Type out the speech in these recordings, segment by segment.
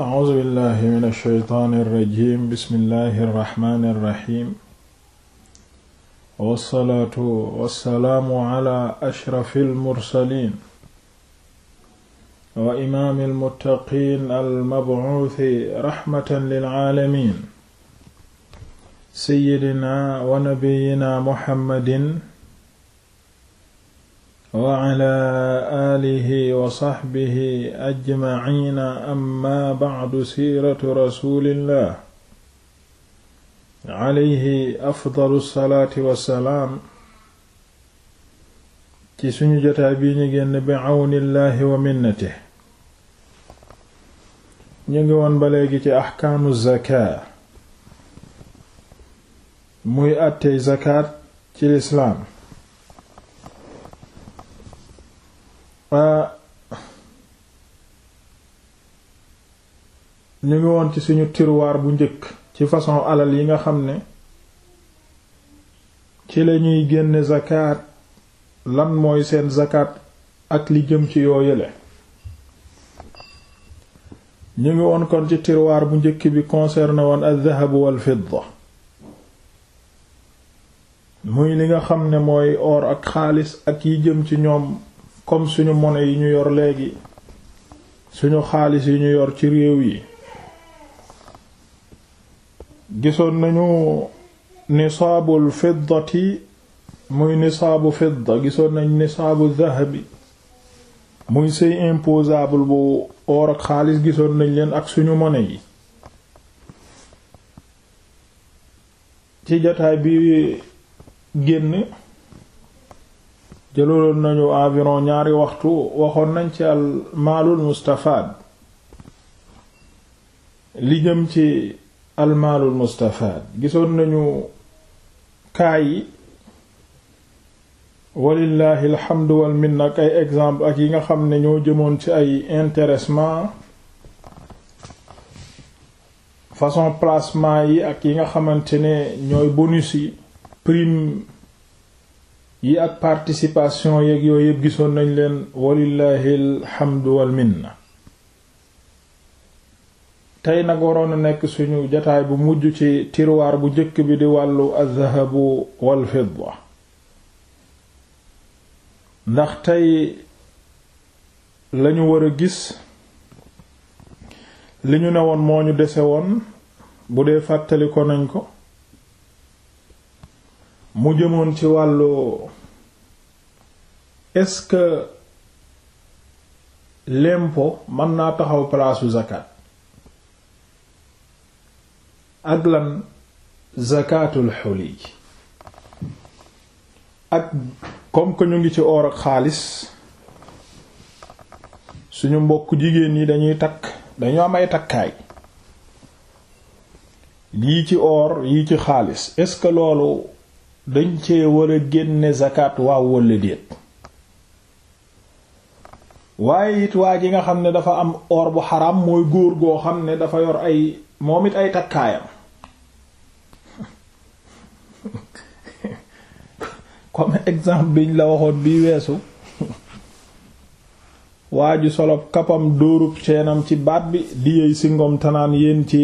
a'uuzu billahi mina shaytaani rajiim bismillahi rahmaani rahiim wassalaatu wassalaamu ala ashrafil mursaliin wa imaamil muttaqiin al-mab'uuthi rahmatan lil aalamiin sayyidinaa wa nabiyyinaa muhammadin wa cala aalihi wa saxbihi ajmaciina amma bacdu siiratu rasuulillah calayhi afdalu wa salaam ci suñu jotaay bii ñu génn bi cawnillahi wa minnatih ñu ngi woon ba léegi ci axkaamu zakaa muy àttey zakaat ci lislaam Euh, ñu ngi woon ci suñu tiroir bu njëkk ci façon alal yi nga xam ne ci lañuy génne zakat lan mooy seen zakat ak li jëm ci yoo yële ñu ngi woon kon ci tirwaar bu njëkk bi concerné woon al-dhahab wal fidda muy li nga xam ne mooy or ak xaalis ak yi jëm ci ñoom comme suñu monnaie yi ñu yor léegi suñu xaalis yi ñu yor ci réew yi gisoon nañu nisaabul fiddati muy saabu fidda gisoon nañ nisaabu dahabi muy sëy imposable bu or ak xaalis gisoon nañ leen ak suñu monnaie yi ci jotaay bi génn jëloon nañu environ ñaari waxtu waxoon nañ ci al maalul mustafaad li jëm ci al maalul mustafaad gisoon nañu kaa yi walillahi alhamdu wal minna ak ay exemple ak yi nga xam ne ñoo jëmoon ci ay intéressement façon placement yi ak yi nga xamante ne ñooy bonus prime yi ak participation yeeg yooyu yëpp gisoon nañ leen walillahi alhamdu wal minna tey nag waroon a nekk suñu jataay bu mujj ci tiroir bu njëkk bi di wàllu aldahabu wal fidda ndax tey lañu war a gis li ñu ne woon moo ñu dese woon bu dee fàttali ko nañ ko mu jëmoon ci wàllu est-ce que l'impôt mën naa taxaw palaasu zakat ak lan zakatul xuli ak comme que ñu ngi ci or ak xaalis suñu mbokk jigéen yi dañuy takk dañu am ay takkaay yi ci or yi ci xaalis est-ce que loolu dañ cee war a génne zakat waaw walla waaye it waa ji nga xam ne dafa am or bu xaram mooy góor goo xam ne dafa yor ay moom it ay takkaayam comme exemple biñ la waxoon bi weesu waa ji solob kapam dóorub ceenam ci baat bi di yeey ngoom tanaan yenn ci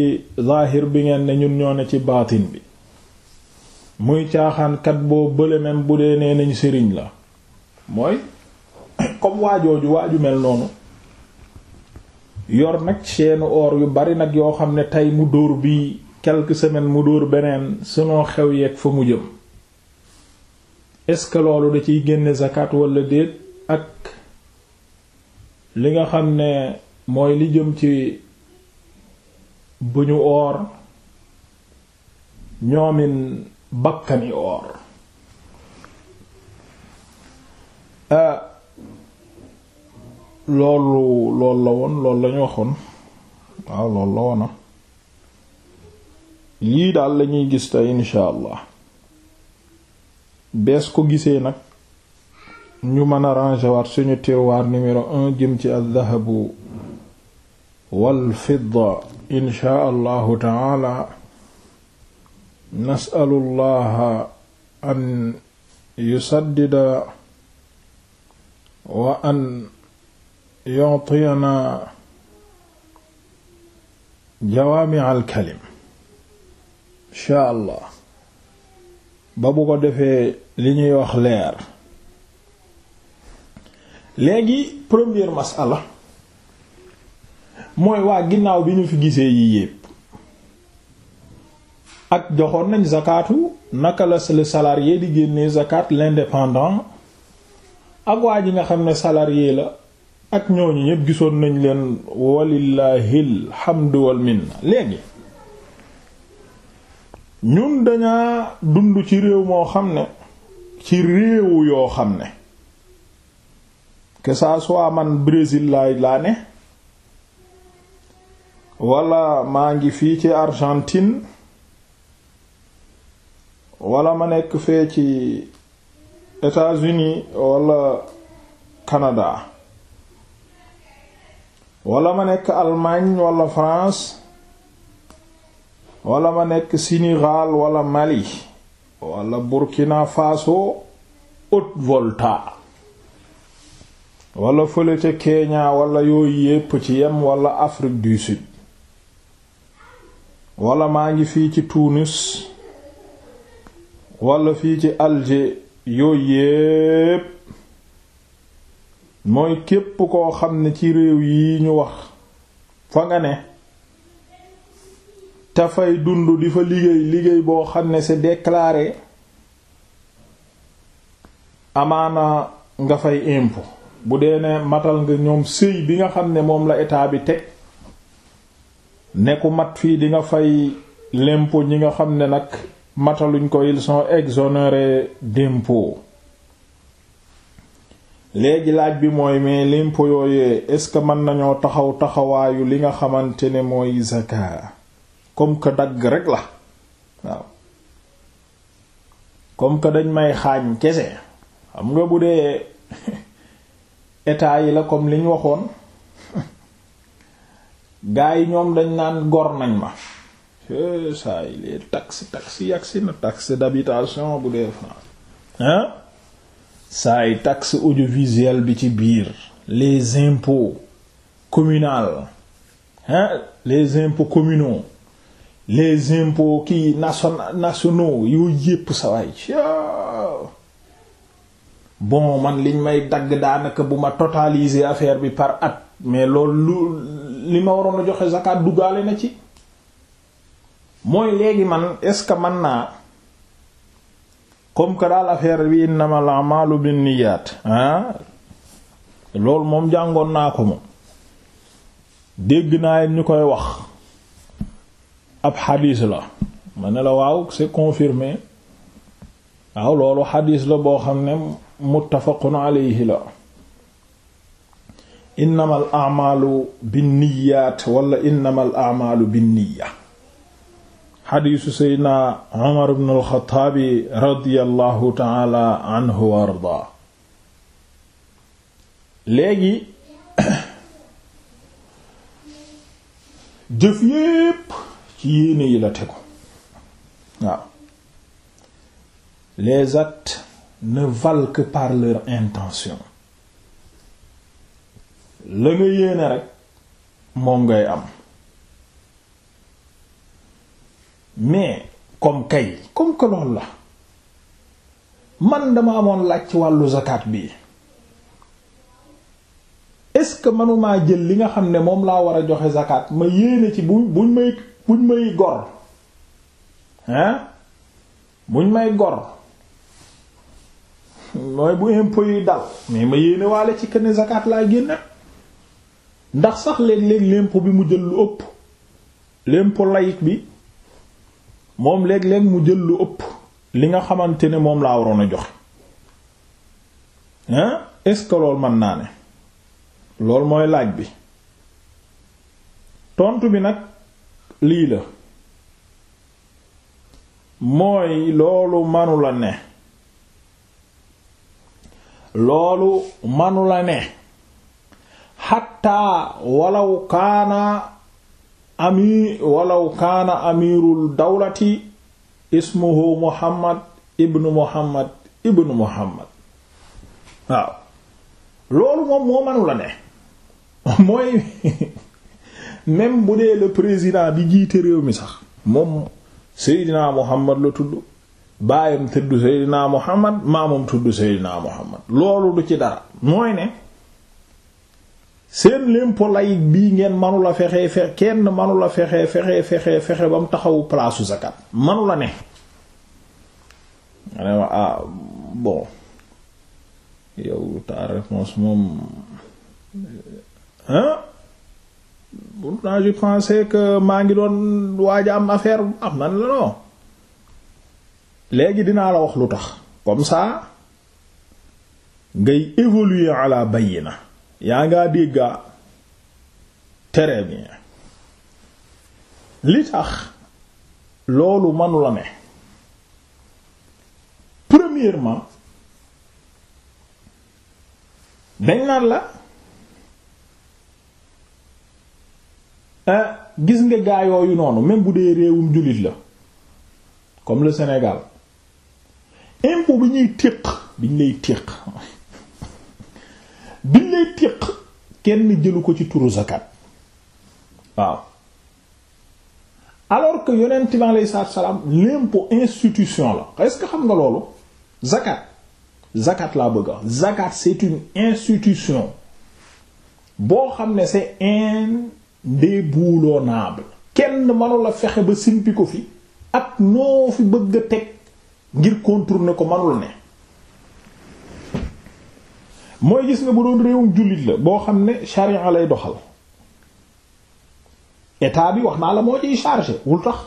zaahir bi ngeen ne ñun ñoo ne ci baatin bi muy caaxaankat boo bële bu dee nee sëriñ la mooy comme waajooju waaju mel noonu yor nag seenu or yu bari nag yoo xam ne tey mu dóor bi quelques semaines mu dóor beneen selon xew yeeg fa mu jëm est-ce que loolu da ciy génne zakat walla déet ak li nga xam ne mooy li jëm ci bu ñu or ñoomin bakkani oor ah, loolu loolu la woon loolu lañu waxoon waaw ah, loolu la woona ah. lii daal lañuy gis tey insha allah bees ko gisee nag ñu mën a ranger waat suñu tiroir numéro un jëm ci aldahabu wal fidda insha allahu taala nasalu llaha an yusaddida wa an yu'tiyana jawaami'a al-kalim insha allah ba bu ko defee li ñuy wax leer léegi premier masala mooy waa ginnaaw bi ñu fi gisee yi yépp ak joxoon nañ zakatu naka la le salarié di génnee zakat l'indépendant ak waa ji nga xam ne salarié la ak ñooñu ñëpp gisoon nañ leen walillahil hamdu wal minna léegi ñun dañaa dund ci réew moo xam ne ci réew yoo xam ne que ça man Brésil laay laa ne wala maa ngi fii ci Argentine wala ma nekk fee ci États-Unis wala Canada wala ma nekk Allemagne wala France wala ma nekk Sénégal wala Mali wala Burkina Faso ot volta wala fële ca Kenya wala yooyu yépp ci yem wala Afrique du Sud wala maa ngi fii ci Tunis walla fii ci Alger yooyu yépp mooy képp koo xam ne ci réew yi ñu wax fa nga ne te fay dund di fa liggéey liggéey boo xam ne c'est déclaré amaana nga fay impôt bu dee ne matal nga ñoom sëy bi nga xam ne moom la état bi teg ne mat fii dinga fay l'impôt ñi nga xam ne nag mataluñ ko ils sont exonérés d'impôt léegi laaj bi mooy mais l'impôt yooyee est-ce que mën nañoo taxaw taxawaayu li nga xamante ne mooy zakat comme que dagg rek la waaw comme que dañ may xaañ kese xam nga bu dee état yi la comme liñ waxoon gaa yi ñoom dañ naan gor nañ ma saay les taxes taxes yagsi na taxe d'habitation bu dee France hein saay taxe audiovisuelle bi ci biir les impôts communaux hein les impôts communaux les impôts kii nationaux yooyu yépp sawaay bon man liñ may dagg daanaka bu ma totaliser affaire bi par at mais loolu li ma waroon a joxe zakat duggaale na ci mooy léegi man est-ce que man naa comme que daal affaire bi innamal a'malu binniyat ah loolu moom jàngoon naa ko moom dégg naa ñu koy wax ab xadiis la ma ne la waaw c'est confirmé waaw loolu xadiis la boo xam ne muttafaqun alayhi la innamal a'malu binniyat wala innamal bi binniya xadiisu seydna Umar ibn al-Xattaabi radiyallahu taala anhu wa ardaa léegi jëf yépp ci yéene yi la tegu waaw les actes ne valent que par leur intention la nga yéene rek moom ngay am mais comme kay comme que loolu la man dama amoon laaj ci wàllu zakat bi est-ce que manumaa jël li nga xam ne moom laa war a joxe zakat ma yéene ci bu buñ may buñ gor hein buñ may gor mooy bu impôt yi dal mais ma yéene waale ci kenn zakat laa génne ndax sax leen léeg l'impôt bi mu jël lu ëpp l'impôt laïque bi moom léeg-léeg mu jël lu ëpp li nga xamante ne moom laa waroon a joxe hein est-ce que mën naa ne loolu mooy laaj bi tontu bi nag lii la mooy loolu manu ne loolu manu la ne xatta walaw ami walaw kaana amirul dawlati ismuhu muhammad ibnu muhammad ibnu muhammad waaw loolu moom moo manula ne mooy même bu dee le président bi jiite réew mi sax moom seydinaa muhammad la tudd baayam tudd seydinaa muhammad maamam tudd seydinaa muhammad loolu du ci dara mooy ne seen lempo lay bii ngeen manula fexe fexe kenn manula fexe fexe fexe ba mu taxawu palaasu zakat manula ne nga ne ma ah bon yow ta réponse moom euh, hein pourtant je pensais que maa ngi doon waaj am affaire am man la non léegi dinaa la wax lu tax comme ça ngay évoluer à la bayina yaa ngaa dégga très bien li tax loolu manu la ne premièrement dañ naan la ah, gis nga gaa yooyu noonu même bu dee réewum jullit la comme le Sénégal impôt bi ñuy téq bi ñu lay téq biñ lay tiq kenn jëlu ko ci turu zakat waaw alors que yonent bi alayhi salaatu salaam l'impôt institution la est que xam nga loolu zakat zakat laa bëgg a wax zakat c'est une institution boo xam ne c'est indéboulonnable kenn mënula fexe ba simpi ko fi ak noo fi bëgg a teg ngir contourner ko mënul ne mooy gis nga bu doon réewum jullit la boo xam ne charia lay doxal état bi wax naa la moo ciy chargé wul tax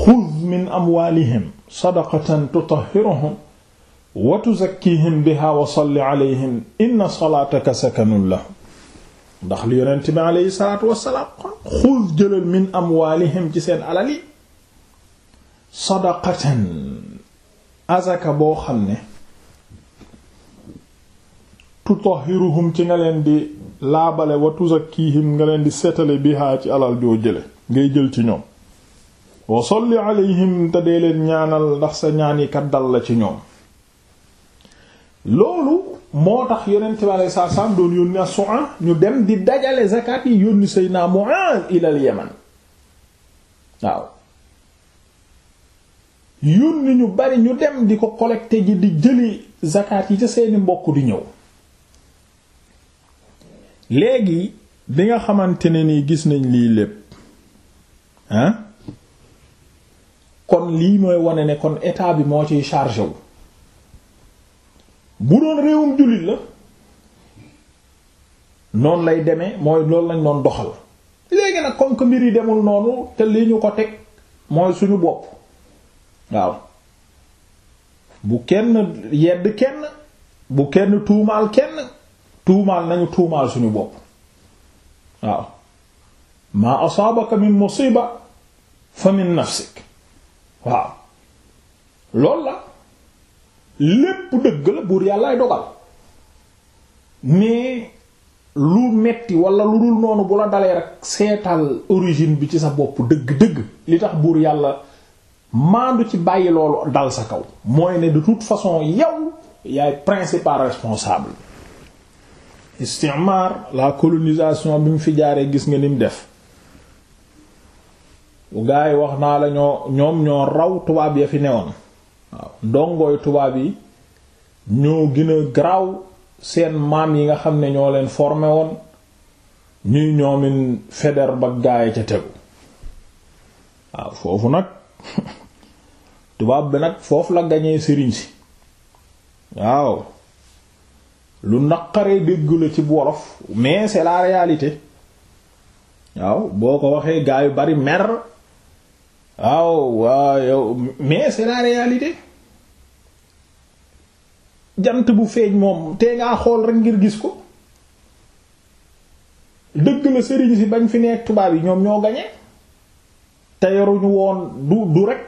xuz min amwalihim sadaqatan tutahhiruhum wa tuzakkihim biha wa salli alayhim inna salataka sakanun lahum ndax li yonent bi aleyhi salatu wasalaam xuz jëlal min amwalihim ci seen alal yi sadaqatan azaka boo xam ne tutahhiruhum ci nga leen di laabale wa tuzakkihim nga leen di seetale bihaa ci alal joo jële ngay jël ci ñoom wa salli alayhim te dee leen ñaanal ndax sa ñaan dal la ci ñoom loolu moo tax yonent bi alayhi salaatu salaam doon yónni as-su'a ñu dem di dajale zakat yi yónni Seydina Mu'aaz ilal Yaman waaw yónni ñu bari ñu dem di ko collecter ji di jëli zakat yi ca seeni mbokk di ñëw léegi bi nga xamante ne ni gis nañ lii lépp ah kon lii mooy wane ne kon état bi moo ciy chargé wu bu doon réewum jullit la noonu lay deme mooy loolu lañ doon doxal léegi nag comme mbir yi demul noonu te li ñu ko teg mooy suñu bopp waaw bu kenn yedd kenn bu kenn tuumaal kenn tuumaal nañu tuumaal suñu bopp waaw maa asaabaka min musiba fa nafsik waaw loolu la lépp dëgg la buur yàllaay dogal mais lu metti wala lu dul noonu bu la dalee rek seetal origine bi ci sa bopp dëgg-dëgg li tax buur yàlla maandu ci bàyyi loolu dal sa kaw mooy ne de toute façon yow yaay principal responsable istimaar la colonisation bi mu fi jaaree gis nga nim def bu gaa yi wax naa la ñoo ñoom ñoo raw tubaab ya fi newoon waaw ndongooy tubaab yi ñoo gën a garaaw seen maam yi nga xam ne ñoo leen formé woon ñuy ñoomin feder ba gaa yi ca tegu waaw foofu nag tubaab bi nag foofu la gañee sëriñ si waaw lu naqaree dégg la ci wolof mais c'est la réalité waaw boo ko waxee gaa yu bari mer waaw waaw yow mais c'est la jant bu feeñ moom te ngaa xool rek ngir gis ko dëgg la sëriñ si bañ fi nekk tubaab yi ñoom ñoo gañe te yoruñu woon du du rek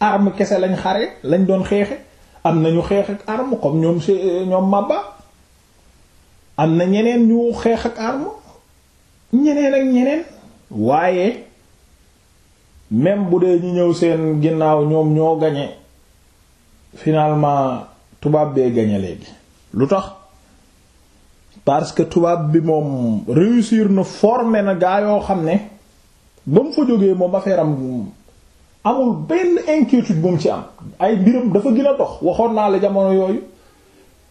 arme kese lañ xare lañ doon xeexe am nañu xeex ak arme comme ñoom si am na ñeneen ñu xeex ak arme ñeneen ak ñeneen waaye même bu dee ñu ñëw seen ginnaaw ñoom ñoo gañe finalement tubaab bee gañe léegi lu tax parce que tubaab bi moom réussir na former na gaa yoo xam ne ba mu fa jógee moom affaire am amul benn inquiétude bu mu ci am ay mbiram dafa gën a dox waxoon naa la jamono yooyu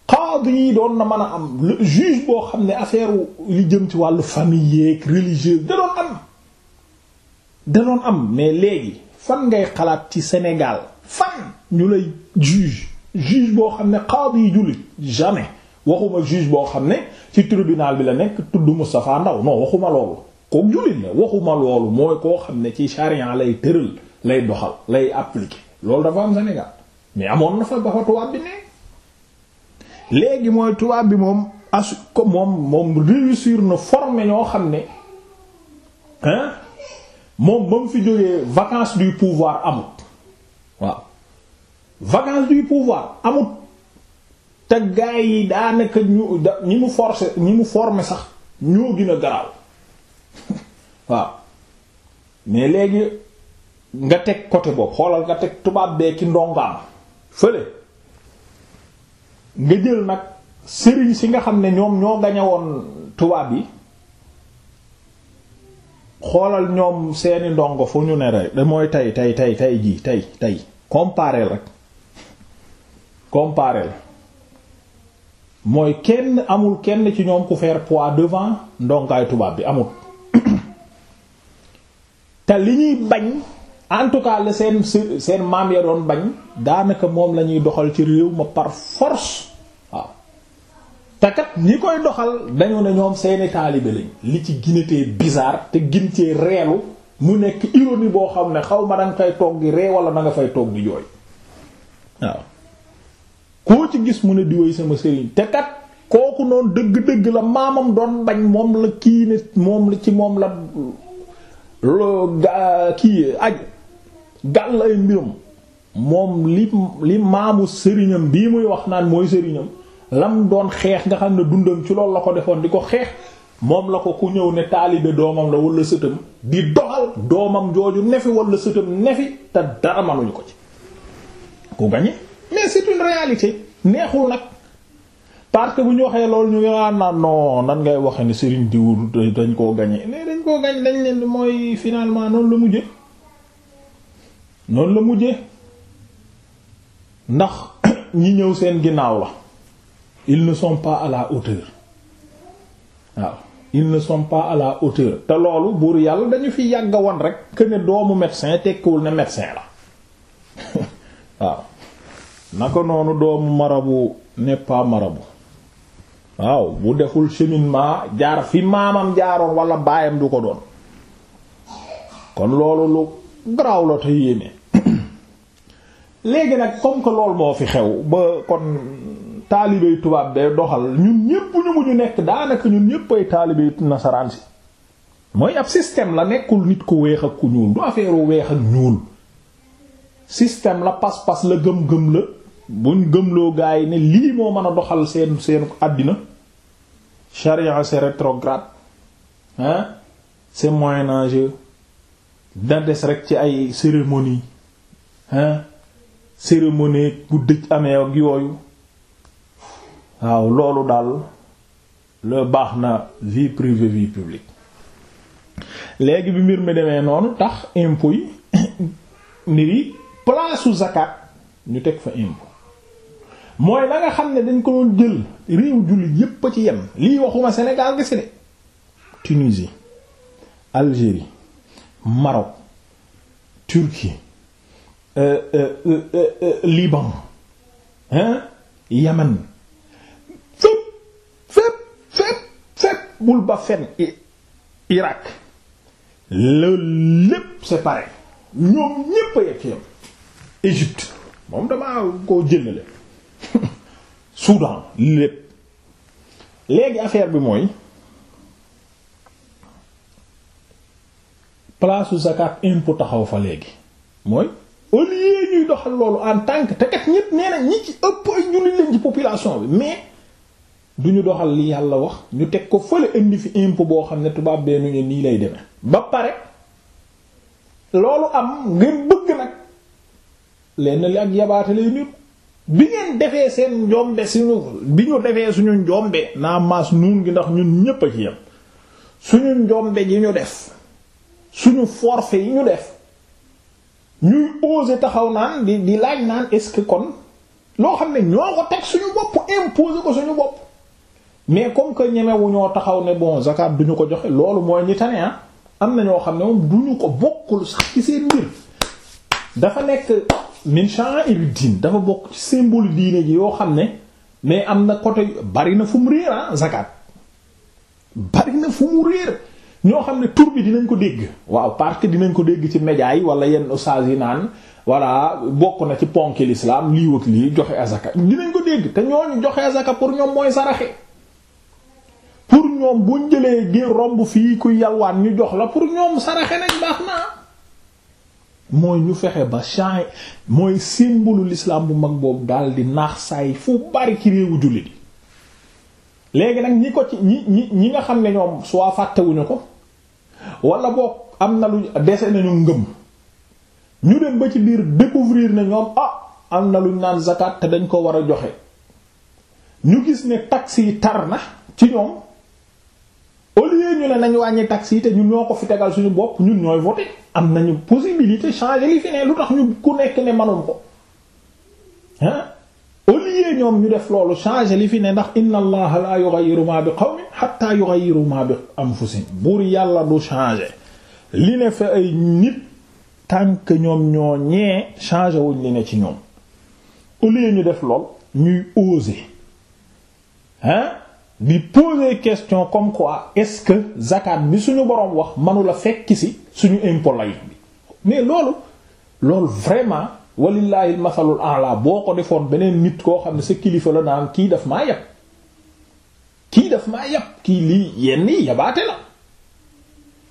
xaadi yi doon na mën a am le juge boo xam ne affaire li jëm ci wàllu famille yeeg religieuse da doon am da am mais léegi fan ngay xalaat ci Sénégal fan ñu lay juge juge boo xam ne xaadi yi jullit jamais waxuma juge boo xam ne ci tribunal bi la nekk tudd Moustapha Ndaw non waxuma loolu kook jullit la waxuma loolu mooy koo xam ne ci charia lay tëral lay doxal lay appliquer loolu dafa am Sénégal mais amoon na fa ba fa tubaab léegi mooy tubaab bi moom as moom moom réussir na former ñoo xam ne hein moom ba mu fi jógee vacance du pouvoir amut waaw vacance du pouvoir amut te gaay yi daanaka ñu ñi mu forcer ñi mu former sax ñoo gën a garaaw waaw mais léegi nga teg côté boobu xoolal nga teg tubaab bee ki ndongaam fële nga jël nag sëriñ si nga xam ne ñoom ñoo gañewoon tubaab yi xoolal ñoom seeni ndongo fu ñu ne rek mooy tey tey tey tey jii tey tey compareel rek compareel mooy kenn amul kenn ci ñoom ku faire poids devant ndongaay tubaab bi amul te li ñuy bañ en tout cas la seen seen maam ya doon bañ daanaka moom lañuy doxal ci réew ma par force waaw te kat ñi koy doxal dañu ne ñoom seeni taalibe lañ li ci ginatee bizarre te gin cee reelu mu nekk ironie boo xam ne xaw ma danga fay toog di ree wala na fay toog di jooy waaw koo ci gis mu ne di sama sëriñ te kat kooku noonu dëgg-dëgg la maamam doon bañ moom la kii ne moom la ci moom la kii aju gàll ay mbirum moom li li maamu sëriñam bii muy wax naan mooy sëriñam lam doon xeex nga xam ne dundam ci loolu la ko defoon di ko xeex moom la ko ku ñëw ne taalibe doomam la wala sëtam di doxal doomam jooju nefi wala sëtam nefi te dara manuñu ko ci ku gañe mais c'est une neexul nag parce bu ñu waxee loolu ñu ngi naan naan non nan ngay waxe ne sëriñ diwul dañ koo gañe mais dañ koo gañ dañ leen mooy finalement noonu la mujjee noonu la mujje ndax ñi ñëw seen ginnaaw la ils ne sont pas à la hauteur waaw ils ne sont pas à la te loolu buur yàlla dañu fi yàgg won rek que ne doomu médecin tekkiwul ne médecin la waaw naka noonu doomu marabu n'est pas marabu waaw bu deful cheminement jaar fi maamam jaaroon walla baayam du ko doon kon loolu lu garaaw la léegi nag comme que loolu moo fi xew ba kon taalibey tubaab day doxal ñun ñépp ñu mujj nekk daanaka ñun ñépp ay taalibey nasaraan si mooy ab système la nekkul nit ku weex ak ku ñuul du affaire weex ak ñuul système la pas-pas la gëm-gëm la buñ gëmloo gaa yi ne lii moo mën a doxal seen seen àddina charia c'est rétrograde hein c'est moyen âge dandes rek ci ay cérémonie hein cérémonie bu dëj amee ak yooyu waaw loolu daal la baax na vie privée vie publique léegi bi mbir mi demee noonu tax impôt yi mbir yi palaasu zakat ñu teg fa impôt mooy la nga xam ne dañ ko doon jël réew jullit yépp a ci yem lii waxuma Sénégal gis de Tunisie Algérie Maroc Turquie Euh, euh, euh, Liban hein Yaman fépp fépp fépp bul ba fen Irak loolu lépp c'est pareil ñoom ñépp a yegg yam Égypte moom damaa koo jëlale Soudan lépp léegi affaire bi mooy place zakat impôt taxaw fa léegi mooy au lieu ñuy doxal loolu en tant que te kat ñépp nee na ñi ci ëpp ay jullit lañ ci population bi mais du ñu doxal li yàlla wax ñu teg ko fële indi fi impôt boo xam ne tubaab bee ñu ñu nii lay demee. ba pare loolu am ngeen bëgg nag lenn li ak yabaate nit bi ngeen defee seen njombe suñu bi ñu defee suñu njombe naa maas nuun gi ndax ñun ñépp a ci yem suñu njombe yi ñu def suñu forfait yi ñu def. ñuy oser taxaw naan di di laaj naan est-ce que kon loo xam ne ñoo ko teg suñu bopp imposer ko suñu bopp mais comme que ñemewu ñoo taxaw ne bon zakat duñu ko joxe loolu mooy ñi tane ah. am na ñoo xam ne moom duñu ko bokkul sax ci seen mbir dafa nekk min sha'a'ir diin dafa bokk ci symbole diine ji yoo xam ne mais am na côté bari na fu mu réer ah zakat fu mu réer ñoo xam ne tur bi dinañ ko dégg waaw parti dinañ ko dégg ci média yi wala yenn ustaas yi naan voilà bokk na ci ponk l'islam lii wëg lii joxe azaka dinañ ko dégg te ñooñu joxe azaka pour ñoom mooy saraxe pour ñoom buñ jëlee gi romb fii kuy yalwaan ñu jox la pour ñoom saraxe nañ baax na mooy ñu fexe ba change mooy symbole lislaam bu mag boobu daal di naax saay fu bari ci réewu jullit léegi nag ñi ko ci ñi ñi ñi nga xam ne ñoom soit fàttewuñu ko wala boog am na lu dese nañu ngëm ñu dem ba ci biir découvrir ne ñoom ah am na luñ naan zakat te dañ ko war a joxe ñu gis ne taxes yi tar na ci ñoom au lieu ñu ne nañ wàññi taxes yi te ñun ñoo ko fi tegal suñu bopp ñun ñooy voter am nañu possibilité changer li fi ne lu tax ñu ku nekk ne mënoon ko au ñoom ñu def loolu changer li fi ne ndax inna allaha la yughayyiru ma bi qawmin hatta yughayyiru ma bi anfusihim buur yàlla du changer li ne fa ay nit tant que ñoom ñoo ñee changer wuñ li ne ci ñoom au ñu def lool ñuy oser hein di poser question comme quoi est-ce que zakat bi suñu boroom wax mënula fekk si suñu impôt laïc bi mais loolu loolu vraiment walillahi masalul a'la boo ko defoon beneen nit koo xam ne sa kilifa la naan kii daf maa yab kii daf maa yab kii lii yenn yi yabaate la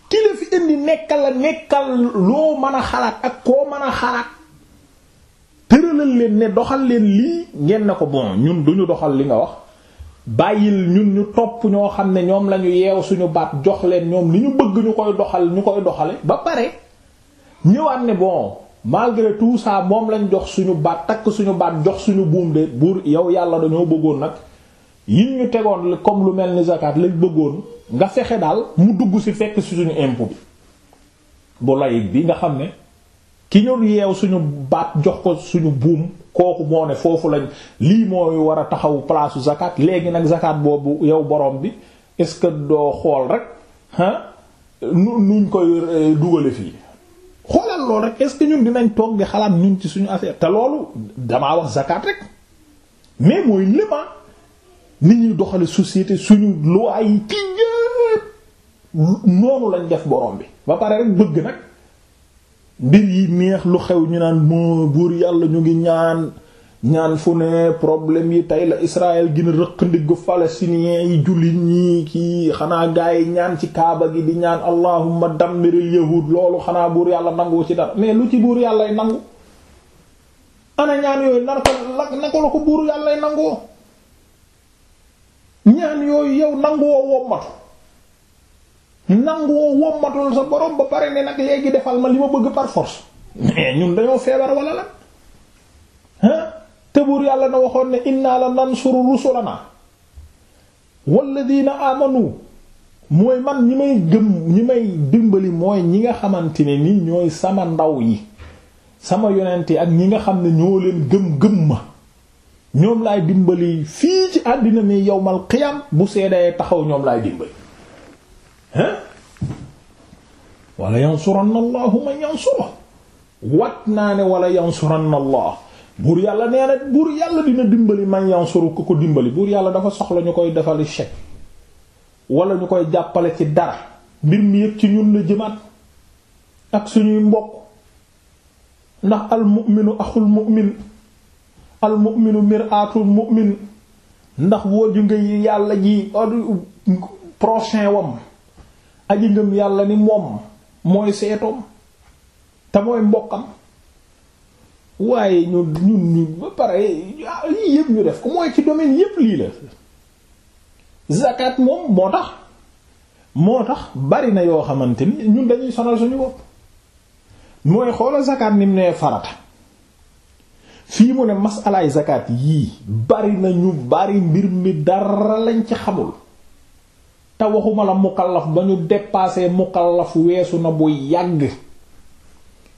kii la fi indi nekkal la nekkal loo mën a xalaat ak koo mën a xalaat tëralal leen ne doxal leen lii ngeen na ko bon ñun duñu doxal li nga wax bàyyil ñun ñu topp ñoo xam ne ñoom lañu yeew suñu baat jox leen ñoom li ñu bëgg ñu koy doxal ñu koy doxale ba pare ñëwaat ne bon malgré tout ça moom lañ jox suñu baat takk suñu baat jox suñu buum de buur yow yàlla dañoo bëggoon nag yin ñu tegoon comme lu mel ni zakat lañ bëggoon nga fexe daal mu dugg si fekk ci suñu impôt bi bu layit bi nga xam ne ki ñu yeew suñu baat jox ko suñu buum kooku moo ne foofu lañ lii mooy war a taxaw palaasu zakat léegi nag zakat boobu yow borom bi est-ce que doo xool rek ah nu nuñ koy euh, dugale fii xalaat loolu rek est ce que ñun dinañ toog di xalaat ñun ci suñu affaire te loolu damaa wax zakat rek mais mooy lema nit ñuy doxale société suñu loi yi ci yëpp noonu lañ def borom bi ba pare rek bëgg nag mbir yi neex lu xew ñu naan moo buur yàlla ñu ngi ñaan ñaan fu ne problème yi tey la Israël gën a rëq ndiggu palestiniens yi jullit ñii kii xanaa gaa yi ñaan ci kaaba gi di ñaan allahumma dammiril yahud loolu xanaa buur yàlla nangu ci dara mais lu ci buur yàllay nangu ana ñaan yooyu nar ko nako la ko buur yàllay nangoo ñaan yooyu yow nanguwoo wommatu nanguwoo wommatul sa borom ba pare ne nag léegi defal ma li ma bëgg par ñun dañoo feebar wala la te yàlla na waxoon ne inna la nansuru rusulana walladina amanu mooy man ñi may gëm ñi may dimbali mooy ñi nga xamante ne nii ñooy sama ndaw yi sama yonent yi ak ñi nga xam ne ñoo leen gëm gëm ma ñoom laay dimbali fii ci àddina mi yowmal qiyam bu seedee taxaw ñoom laay dimbali hein wala yansuranna allahu man naa ne wala yansuranna allah buur yàlla nee na buur yàlla dina dimbali man yansuru ku ko dimbali buur yàlla dafa soxla ñu koy defali chèque wala ñu koy jàppale ci dara mbir mi yëpp ci ñun la jëmaat ak suñuy mbokk ndax al mu'minu axul mu'min al mu'minu mir'atul mu'min ndax wooju nga yàlla ji prochain wam aji ngëm yàlla ni moom mooy seetoom te mooy mbokkam waaye ñun ñun ñu ba pare lii ah, yëpp ñu def ko mooy ci domaine yëpp lii la zakat moom moo tax moo tax bari yoo xamante ni ñun dañuy sonal suñu bopp mooy xoola zakat ni mu nee farata fii mu ne masalaay zakat yii bari na ñu bari mbir mi dara lañ ci xamul te waxuma la mukallaf ba ñu dépassé mukallaf weesu na bu yàgg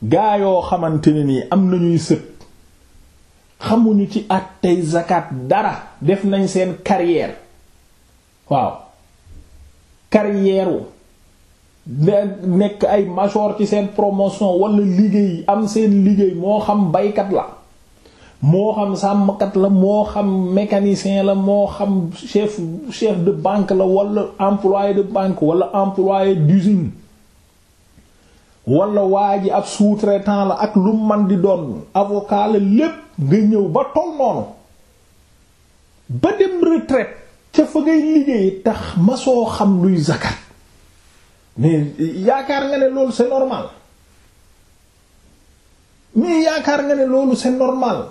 gaa yoo xamante ne nii am nañuy sët xamuñu ci àttey zakat dara def nañ seen carrière waaw carrière wu nekk ay major ci seen promotion walla liggéey am seen liggéey moo xam baykat la moo xam sàmmkat la moo xam mécanicien la moo xam chef chef de banque la wala employé de banque wala employé d'usine wala waa ji ab sous-traitant la ak lu man di doon avocat la lépp nga ñëw ba toll noonu ba dem retraite ca fa ngay liggéey tax ma soo xam luy zakat mais yaakaar nga ne loolu c'est normal mais yaakaar nga ne loolu c'est normal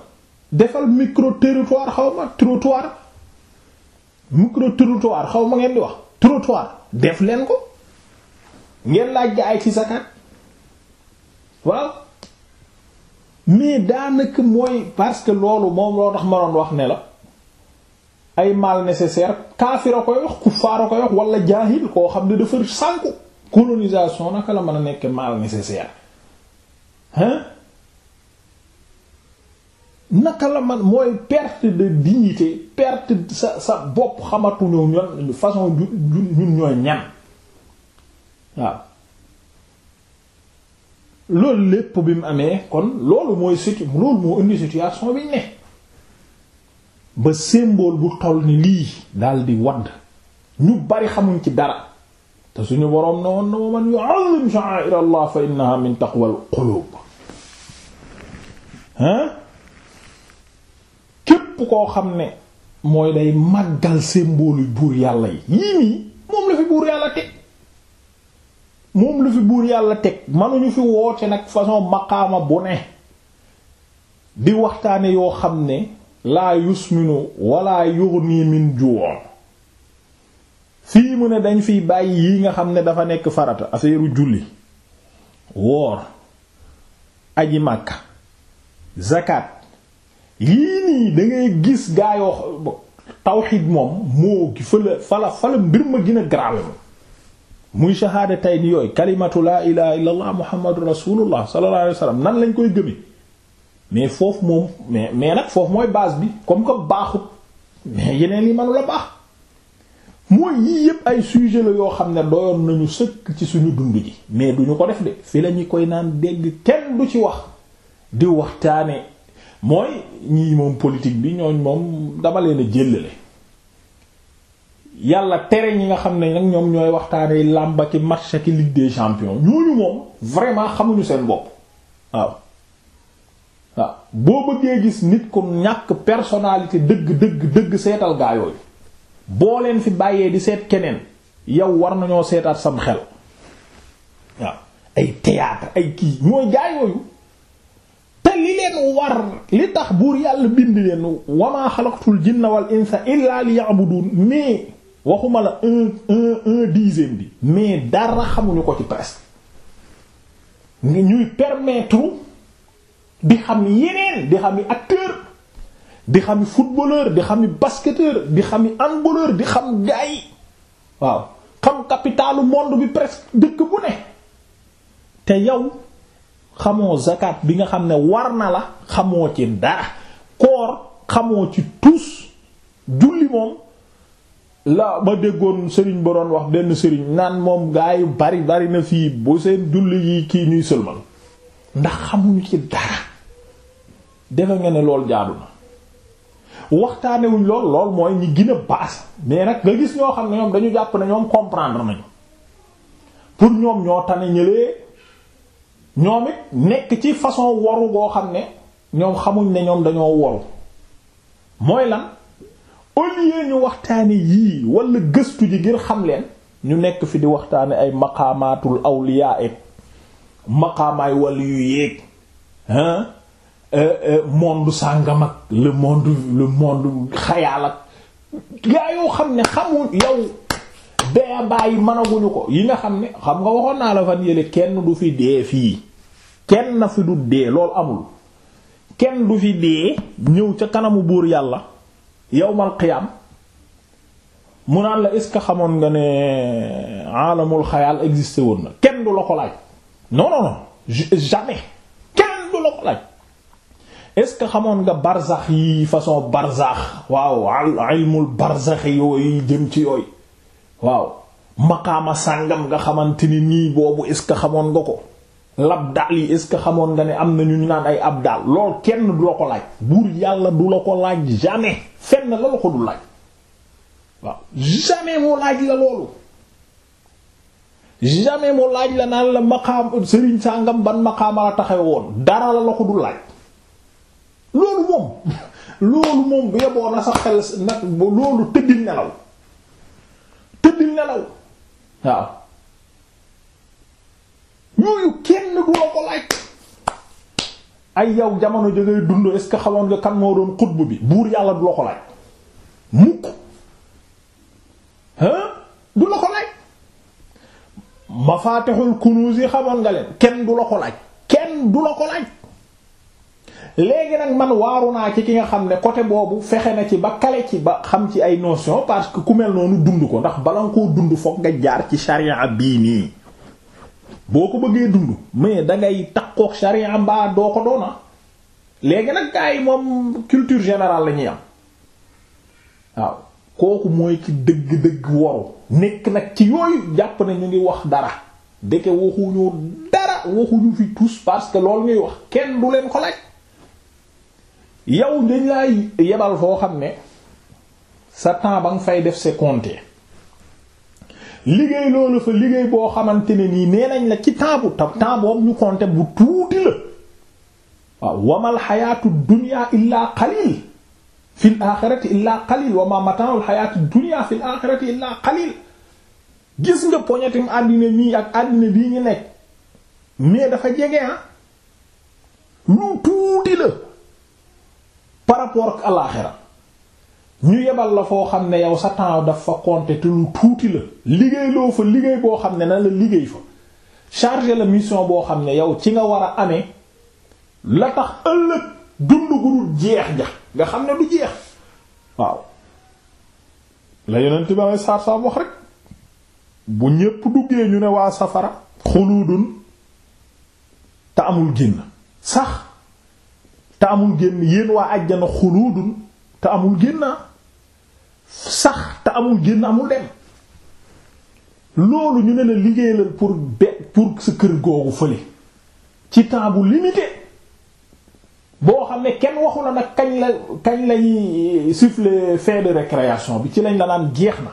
defal micro territoire xaw ma trottoir micro territoire xaw ma ngeen di wax trottoir def leen ko ngeen laaj ga ay ci zakat waaw mais daanaka mooy parce que loolu moom loo tax ma doon wax ne la ay mal nécessaire kaafir a koy wax kuffaar a koy wax wala jaahil koo xam ne dafa sànku colonisation naka la mën a nekk mal nécessaire hein naka la man mooy perte de dignité perte sa sa bopp xamatuñu ñoom façon ñun ñooy ñan waaw loolu lépp bi mu amee kon loolu mooy situ loolu moo indi situation bi ne ba symbole bu toll ni lii daal di wadd ñu bari xamuñ ci dara te suñu boroom ne woon na wa man yu'azzim sha'a'ir Allah fa innaha min taqwal qulub hein képp koo xam ne mooy day màggal symbole yu buur yàlla yi yii nii moom la fi buur yàlla teg moom lu fi buur yàlla teg manuñu fi woote nag façon maqaama bu ne di waxtaane yoo xam ne laa yusminu wala yughni min ju' fii mu ne dañ fi bàyyi yi nga xam ne dafa nekk farata affaire julli woor aji màkk zakat yii nii da gis gaayoo tawxid moom moo gi fala fala fala mbir ma gën a muy shahaada tay ni yooyu kalimatu laa ilaha illa allah muhammadu rasulullah sallallahu alayhi wa sallam nan lañ koy gëmee mais foofu moom mais mais nag foofu mooy base bi comme que baaxut mais yeneen yi mënu la baax mooy yii yépp ay sujet la yoo xam ne doyoon nañu sëkk ci suñu dund ji mais duñu ko def de fi la ñu koy naan dégg kenn du ci wax di waxtaane mooy ñii moom politique bi ñooñ moom dama leen a yàlla tere ñi nga xam ne nag ñoom ñooy waxtaanee làmba ki match ki Ligue des champions ñooñu moom vraiment xamuñu seen bopp waaw waaw boo bëggee gis nit ko ñàkk personnalité dëgg dëgg dëgg seetal gaa yooyu boo leen fi bàyyee di seet keneen yow war nañoo seetaat sam xel waaw ay théâtre ay kii mooy gaa te li leen war li tax buur yàlla bind leen wamaa xalaqtul jinna wal insa illa liya'budun mais waxuma la un un un dixième bi mais dara xamuñu ko ci presque ñuy permettre di xam yeneen di xam acteur di xam footballeur di xam basketteur di xam handballeur di xam gaay yi waaw xam capitalu monde bi presque dëkk bu ne te yow xamoo zakat bi nga xam ne war na la xamoo ci dara koor xamoo ci tous julli moom la ma déggoon sëriñ ba doon wax benn sëriñ naan moom gaa yu bari bari na fii bu seen julli yi kii ñuy sëlmal ndax xamuñu ci dara defe nga ne lool jaadu na waxtaanewuñ lool lool mooy ñi gën a baas mais nag nga gis ñoo xam ne ñoom dañu jàpp ne ñoom comprendre nañu pour ñoom ñoo tane ñële ñoom it nekk ci façon waru goo xam ne ñoom xamuñ ne ñoom dañoo waru mooy lan au lieu ñu waxtaane yii wala gëstu ji ngir xam leen ñu nekk fi di waxtaane ay maqaamaatul awliyaa et maqaamaay wàllu yu yéeg hein euh, euh, monde sàngam ak le monde le monde xayaal ak xam ne xamuñ yow bee bàyyi mënaguñu ko yi nga xam ne xam nga waxoon naa la fan yële kenn du fi dee fii kenn na fi du dee loolu amul kenn du fi dee ñëw ca kanamu buur yàlla yawmal qiyaam mu naan la est-ce que xamoon nga ne alamul xayaal existé woon na kenn du la ko laaj jamais kenn du la ko laaj ce que xamoon nga barzax yi façon barzax waaw ilmul barzax yooyu jëm ci yooyu waaw maqaama sàngam nga xamante ni nii boobu est-ce que xamoon nga ko daal yi est ce que xamoon nga ne am na ñu naan ay ab abdal lool kenn du la ko laaj buur yàlla du la ko laaj jamais fenn la la ko du laaj waaw jamais moo laaj la loolu jamais moo laaj la naan la maqaam sëriñ sàngam ban maqaama la taxaw woon dara la la ko du laaj loolu moom loolu moom bu yeboo na sa xel nag loolu tëddil nelaw tëddil nelaw waaw yooyu kenn du la ko laaj ay yow jamono ja dund est-ce xamoon nga kan moo doon xutbu bi buur yàlla du la ko laaj mukk hein du la ko laaj mafatihul kunuz yi xamoon nga leen kenn du la ko laaj kenn du la ko laaj léegi nag man waaru naa ci ki nga xam ne côté boobu fexe na ci ba kale ci ba xam ci ay notion parce que ku mel noonu dund ko ndax balaa nga koo dund fokk nga jaar ci sharia bii nii boo ko bëggee dund mais dangay takkook sharia mbaa doo ko doona léegi nag gars yi moom culture général la ñuy am waaw kooku mooy ki dëgg-dëgg waru nekk nag ci yooyu jàpp ne ñu ngi wax dara deke waxuñu dara waxuñu fi tous parce que loolu ñuy wax kenn du leen ko laaj yow dañ laay yebal foo xam ne sa temps ba nga fay def c'est compté liggéey loolu fa liggéey boo xamante ne nii nee nañ la ci temps bu temps boobu ñu compter bu tuuti la waaw wamal xayaatu dunya illaa qalil fil axirati illaa qalil wama mataanul xayaatu dunya fil axirati illaa qalil gis nga poñetim àddina mii ak àddina bii ñu nekk mais dafa jege ah lu tuuti la par rapport ak alaaxira ñu yebal la foo xam ne yow sa temps daf fa compter te lu tuuti la liggéey loo fa liggéey boo xam ne na la liggéey fa chargé la mission boo xam ne yow ci nga war a ame la tax ëllëg dund gu jeex ja nga xam ne lu jeex waaw la yonent ba ngay saar saam wax rek bu ñépp duggee ñu ne waa safara xuluudun te amul génn sax te amul génn yéen waa àjjana xuluudun te amul génnaa sax te amul génn amul dem loolu ñu ne la liggéeyal pour be pour sa kër googu fële ci temps bu boo xam ne kenn waxu la nag kañ la kañ lañuy siffler fin de récréation bi ci lañ la naan jeex na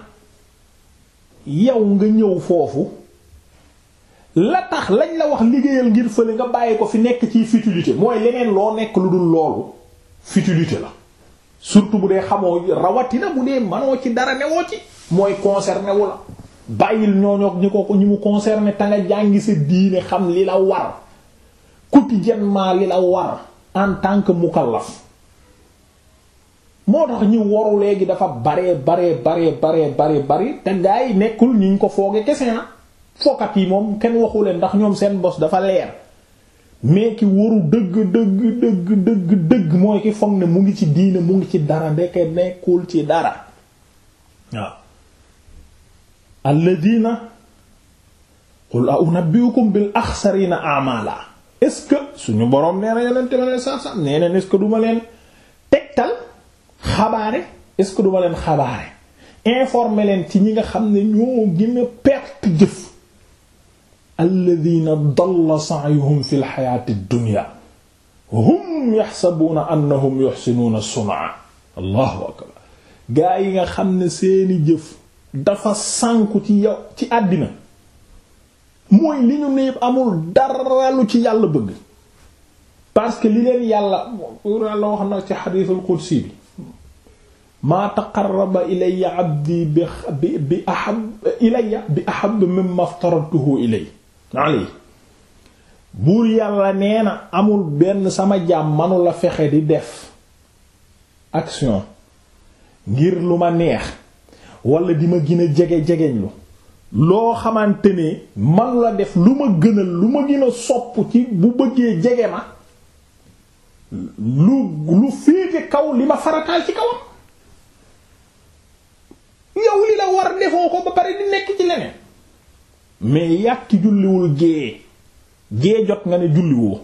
yow nga ñëw foofu la tax lañ la wax liggéeyal ngir fële nga bàyyi ko fi nekk ci futilité mooy leneen loo nekk lu dul loolu futilité la surtout bu dee xamoo rawatina bu dee manoo ci dara newoo ci mooy concerné wu la bàyyil ñooñoo ñi ko ñi mu concerné ta nga jàngi sa diine xam li la war quotidiennement li la war en tant que mukallaf moo tax ñi waru léegi dafa baree baree baree baree baree te gaa yi nekkul ñu ko fooge kese na ah. fokkat yi moom kenn waxu leen ndax ñoom seen bos dafa leer mais ki waru dëgg dëgg dëgg dëgg dëgg mooy ki foog ne mu ngi ci diine mu ngi ci dara ndeke nekkul ci dara waaw alladina qul a unabbiukum bil axsarina amala est-ce que suñu boroom nee na te ma leen sansam nee neen est-ce que du ma leen tegtal xabaare est-ce que du ma leen xabaare informer leen ci ñi nga xam ne ñoo gën perte jëf alladina dalla sa'yuhum fi lxayaati dunya hum yaxsabuuna annahum yuxsinuuna sun'a allahu akbar gaa yi nga xam ne seeni jëf dafa sànku ci yow ci àddina mooy li ñu ne amul dara lu ci yàlla bëgg parce que li leen yàlla yàlla wax na ci xadiisul qudsi bi maa taqarraba ilayya abdi bi bi ahab ilayya bi ahab mimma aftaratuhu ilayya ali buur yàlla nee na amul benn sama jaam manula fexe di def action ngir lu ma neex wala di ma gën a jege jegeñ loo xamante ne manula def lu ma gënal lu ma gën a sopp ci bu bëggee jege ma lu lu féete kaw li ma farataal ci kawam yow li la war defoo ko ba pare di nekk ci leneen mais yàkki julliwul gée gée jot nga ne julliwoo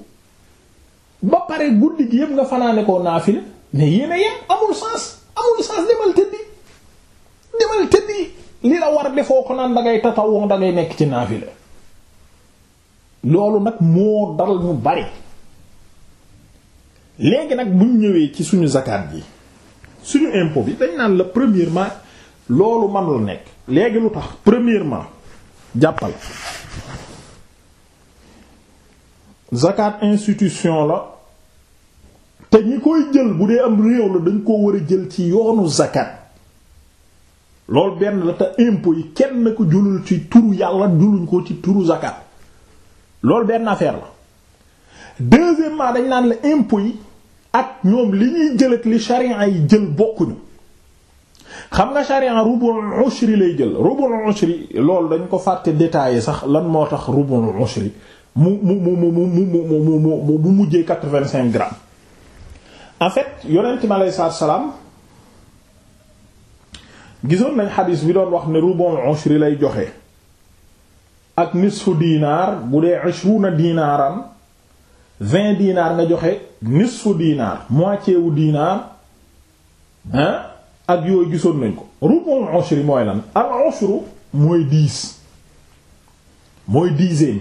ba pare guddi gi yëpp nga fanaane ko naafile ne yéen a yem amul sens amul sens demal tëddi demal tëddi li la war a defoo ko naan dangay tatawoo dangay nekk ci naafile loolu nag moo dal ñu bari léegi nag buñ ñëwee ci suñu zakat bi suñu impôt bi dañ naan la premièrement loolu man la nekk léegi lu tax premièrement jàppal zakat institution la te ñi koy jël bu dee am réew la dañ koo war a jël ci yoonu zakat lool benn la te impôt yi kenn ko julul ci turu yàlla juluñ ko ci turu zakat loolu benn affaire la deuxièmement dañ naan la impôt yi ak ñoom li ñuy jël ak li charia yi jël bokkuñu xam nga sharia rubul ushri lay jël rubul ushri loolu dañ ko fàtte détaillé sax lan moo tax rubul ushri mu mu mu mu mu mu mu mu mujjee quatre-vingt-cinq grammes en fait yonent mi alayhi salaatu salaam gisoon nañ xadis bi doon wax ne rubul ushri lay joxe ak nisfu dinaar bu dee ishruna dinaaram vingt dinaar nga joxe nisfu dinaar moitié wu dinaar hein ak yooyu gisoon nañ ko rubul ushri mooy lan al ushru mooy dix mooy dixième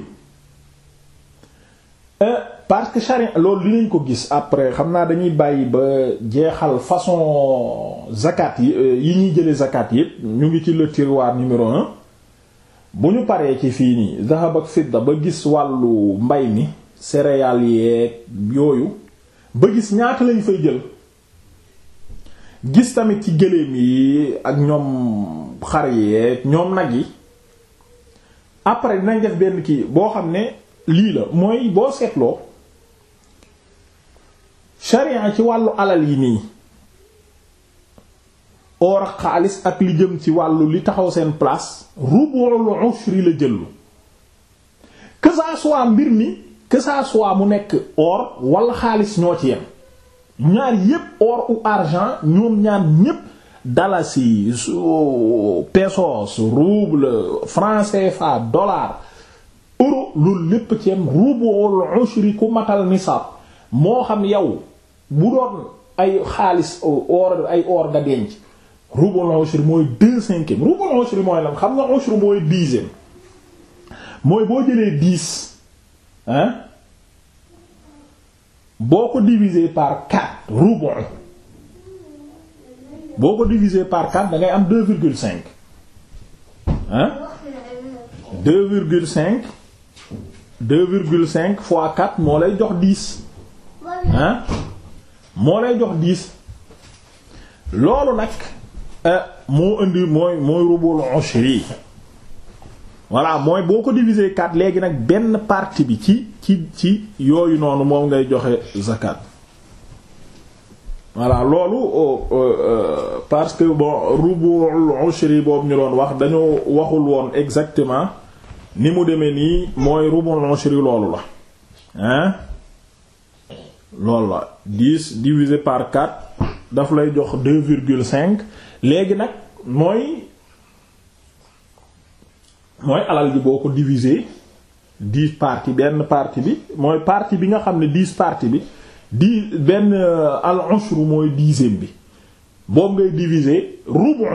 euh, parce que charia loolu dinañ ko gis après xam naa dañuy bàyyi ba jeexal façon zakat yi euh, yi ñuy jële zakat yépp ñu ngi ci le tiroir numéro un bu ñu paree ci fii nii zahab ak fidda ba gis wàllu mbay mi céréales yeeg yooyu ba gis ñaata lañ fay jël gis tamit ci gëléem yi ak ñoom xar yeeg ñoom nag yi après dinañ def benn kii boo xam ne lii la mooy boo seetloo sharia ci wàllu alal yi nii or ak xaalis ak li jëm ci wàllu li taxaw seen place rubu'ul ushri la jëllu que ça mbir mi que ça mu nekk or wala xaalis ñoo ci yem ñaar yépp or ou argent ñoom ñaan ñépp dalasi so pesos rouble franc CFA dollar euro loolu lépp ci am rubuul ku matal nisaab moo xam yow bu doon ay xaalis or ay or nga denc rubuul ushri mooy deux cinquième rubuul ushri mooy lan xam nga ushri mooy dixième mooy boo jëlee dix boo ko diviser par 4 rubu' boo ko diviser par 4 da ngay am 2,5 hein 2,5 cinq fois 4 moo lay jox diis hein moo lay jox diis loolu nag euh, moo indi mooy mooy rubul ushri voilà mooy boo ko diviser 4 léegi nag benn partie bi ci ci ci yooyu noonu moom ngay joxe zakat voilà loolu euh, euh, parce que bon rubu'ul ushri boobu ñu doon wax dañoo waxul woon exactement ni mu demee nii mooy rubu'ul ushri loolu la hein loolu la dix divisé par quatre daf lay jox deux virgule cinq léegi nag mooy mooy alal ji boo ko diviser dix parties benn partie bi mooy partie bi nga xam ne dix parties bi dix benn euh, al ushru mooy dixième bi boobu ngay diviser rub'u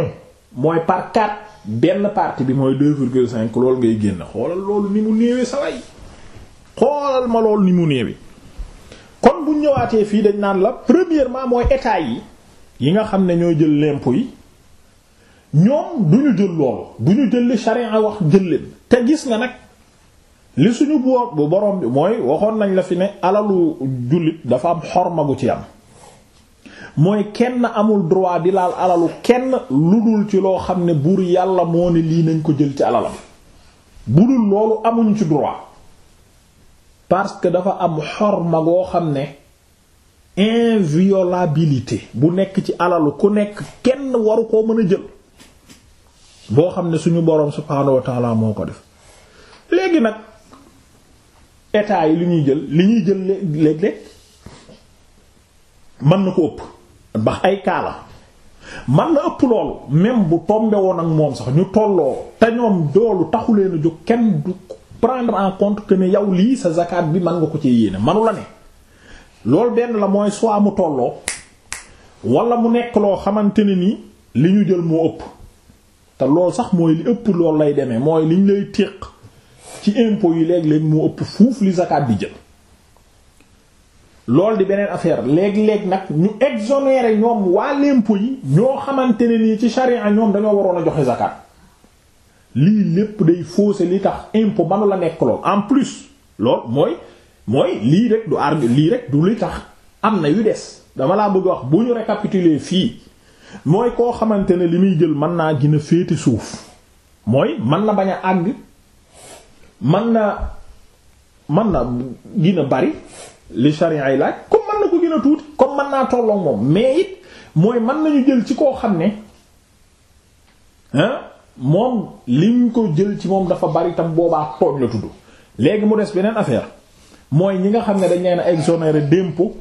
mooy par quatre benn partie bi mooy deux virgule cinq loolu ngay génn xoolal loolu ni mu néewee sa way xoolal ma loolu ni mu néewee kon bu ñëwaatee fii dañ naan la premièrement mooy état yi yi nga xam ne ñooy jël l'impôt yi ñoom du ñu jël loolu du ñu jël li charia wax jël leen te gis nga nag. li suñu boor bu borom bi mooy waxoon nañ la fi ne alalu jullit dafa am xorma gu ci am mooy kenn amul droit di laal alalu kenn lu dul ci loo xam ne buur yàlla moo lii nañ ko jël ci alalam bu dul loolu amuñ ci droit parce que dafa am xorma goo xam ne inviolabilité bu nekk ci alalu ku nekk kenn waru koo mën a jël boo xam ne suñu borom subhaanahu wa moo ko def léegi nag état yi li ñuy jël li ñuy jël léeg-léeg man na ko ëpp ndax ay kaala man na ëpp loolu même bu tombe woon ak moom sax ñu tolloo te ñoom doolu taxu leen a jóg kenn du prendre en compte que ne yaw lii sa zakat bi mën nga ko ci yéene manu la ne loolu benn la mooy soit mu tolloo wala mu nekk loo xamante ne ni li ñu jël moo ëpp te loolu sax mooy li ëpp loolu lay demee mooy liñ lay téq ci impôts yi léeg-léeg moo ëpp fuuf li zakat di jël loolu di beneen affaire léeg-léeg nag ñu exonéré ñoom waa l'impôt yi ñoo xamante ne nii ci charia ñoom dañoo waroon a joxe zakat lii lépp day fausser li tax impôt mënu la nekk lool en plus lool mooy mooy lii rek du argu lii rek du li tax am na yu des dama laa bëgg wax bu ñu récapituler fii mooy koo xamante ne li muy jël mën naa gën a féete suuf mooy mën na bañ a àgg man na man na gën bari li sharia ay laaj comme mën na ko gën a tuuti comme mën naa tolloo moom mais it mooy mën nañu jël ci koo xam ne hein moom liñ ko jël ci moom dafa bari tam boobaa tooñ la tudd léegi mu des beneen affaire mooy ñi nga xam ne dañ leen a exonéré d'impôt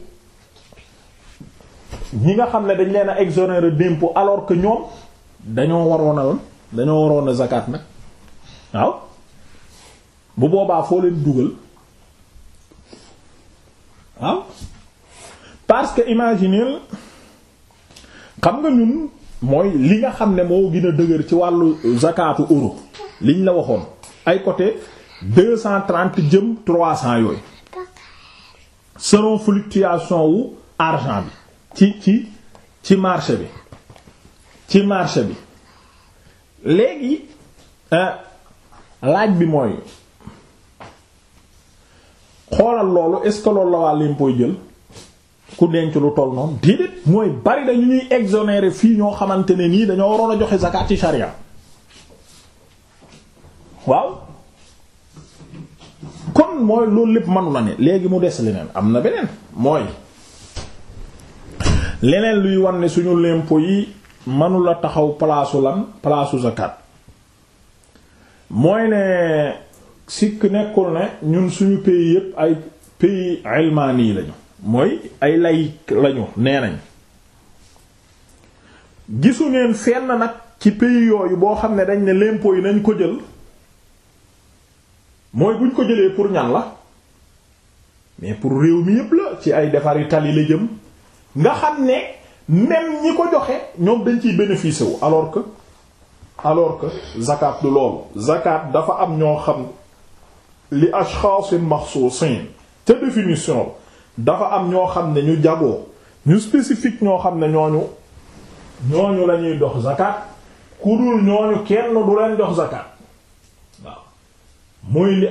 ñi nga xam ne dañ leen a exonéré d'impôt alors que ñoom dañoo waroon a lan dañoo waroon a zakat nag waaw bu boobaa foo leen dugal waaw ah? parce que imaginer xam nga ñun mooy li nga xam ne moo gën a dëgër ci wàllu zakatu euro liñ la waxoon ay côté deux cent jëm trois cent yooyu selon fluctuation wu argent bi ci ci ci marché bi ci marché bi léegi euh, laaj bi mooy xoolal loolu est ce que loolu la waa l'impôt jël ku denc lu toll noonu déedéet mooy bari dañu ñuy fii ñoo xamante ne nii dañoo waroon a joxe zakat ci charia waaw kon mooy loolu lépp manu la ne léegi mu des leneen am na beneen mooy leneen luy wan ne suñu l'impôt yi manula taxaw palaasu lan palaasu zakat mooy ne sikk nekkul ne ñun suñu pays yépp ay pays ilmaani lañu mooy ay laïc lañu nee nañ gisu ngeen fenn nag ci pays yooyu boo xam ne dañ ne l'impôt yi nañ ko jël mooy buñ ko jëlee pour ñan la mais pour réew mi yépp la ci ay defari tali la jëm nga xam ne même ñi ko joxe ñoom dañ ciy bénéficier wu alors que alors que zakat du loolu zakat dafa am ñoo xam li ashxaasin maxsuusin te définition dafa am ñoo xam ne ñu jagoo ñu spécifique ñoo xam ne ñooñu ñooñu lañuy dox zakat ku dul ñooñu kenn du leen dox zakat waaw muy li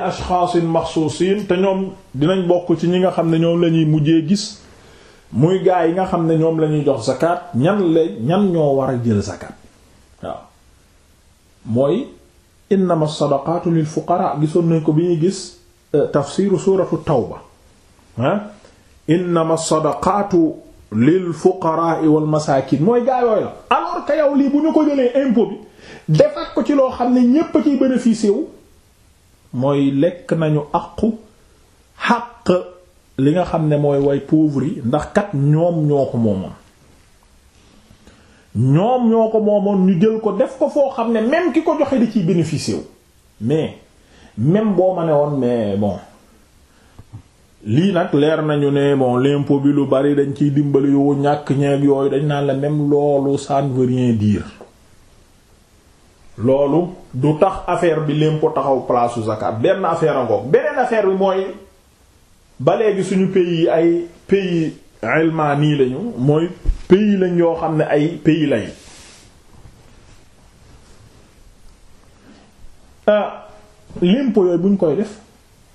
maxsu siin te ñoom dinañ bokk ci ñi nga xam ne ñoom lañuy ñuy mujjee gis muy gaa yi nga xam ne ñoom lañuy ñuy dox zakat ñan la ñan ñoo war a jël zakat waaw mooy ma sadaqaatu lil fuqara gisoon nañ ko bi ñuy gis euh, tafsiru suratu tawba ah innama sadaqaatu lil fuqaraa wal masaakin mooy gaayooy la alors que lii bu ñu ko jëlee impôt bi defaat ko ci loo xam ne ñépp a ciy bénéficier wu mooy lekk nañu àqu xàq li nga xam ne mooy way pauvre yi ndax kat ñoom ñoo ko ñoom ñoo ko moomoon ñu jël ko def ko foo xam ne même ki ko joxe di ciy bénéficier mais même boo ma ne woon mais lii nag leer nañu ne bon l'impôt bi lu bari dañ ciy dimbali yu ñàkk ñeeg yooyu dañ naa la même loolu ça ne veut loolu du tax affaire bi l'impôt taxaw place su zakat benn affaire angoog beneen affaire bi mooy ba léegi suñu pays ay pays ilmani lañu mooy pays lañ yoo xam ne ay pays lañ ah, l'impôt yooyu bu ñu koy def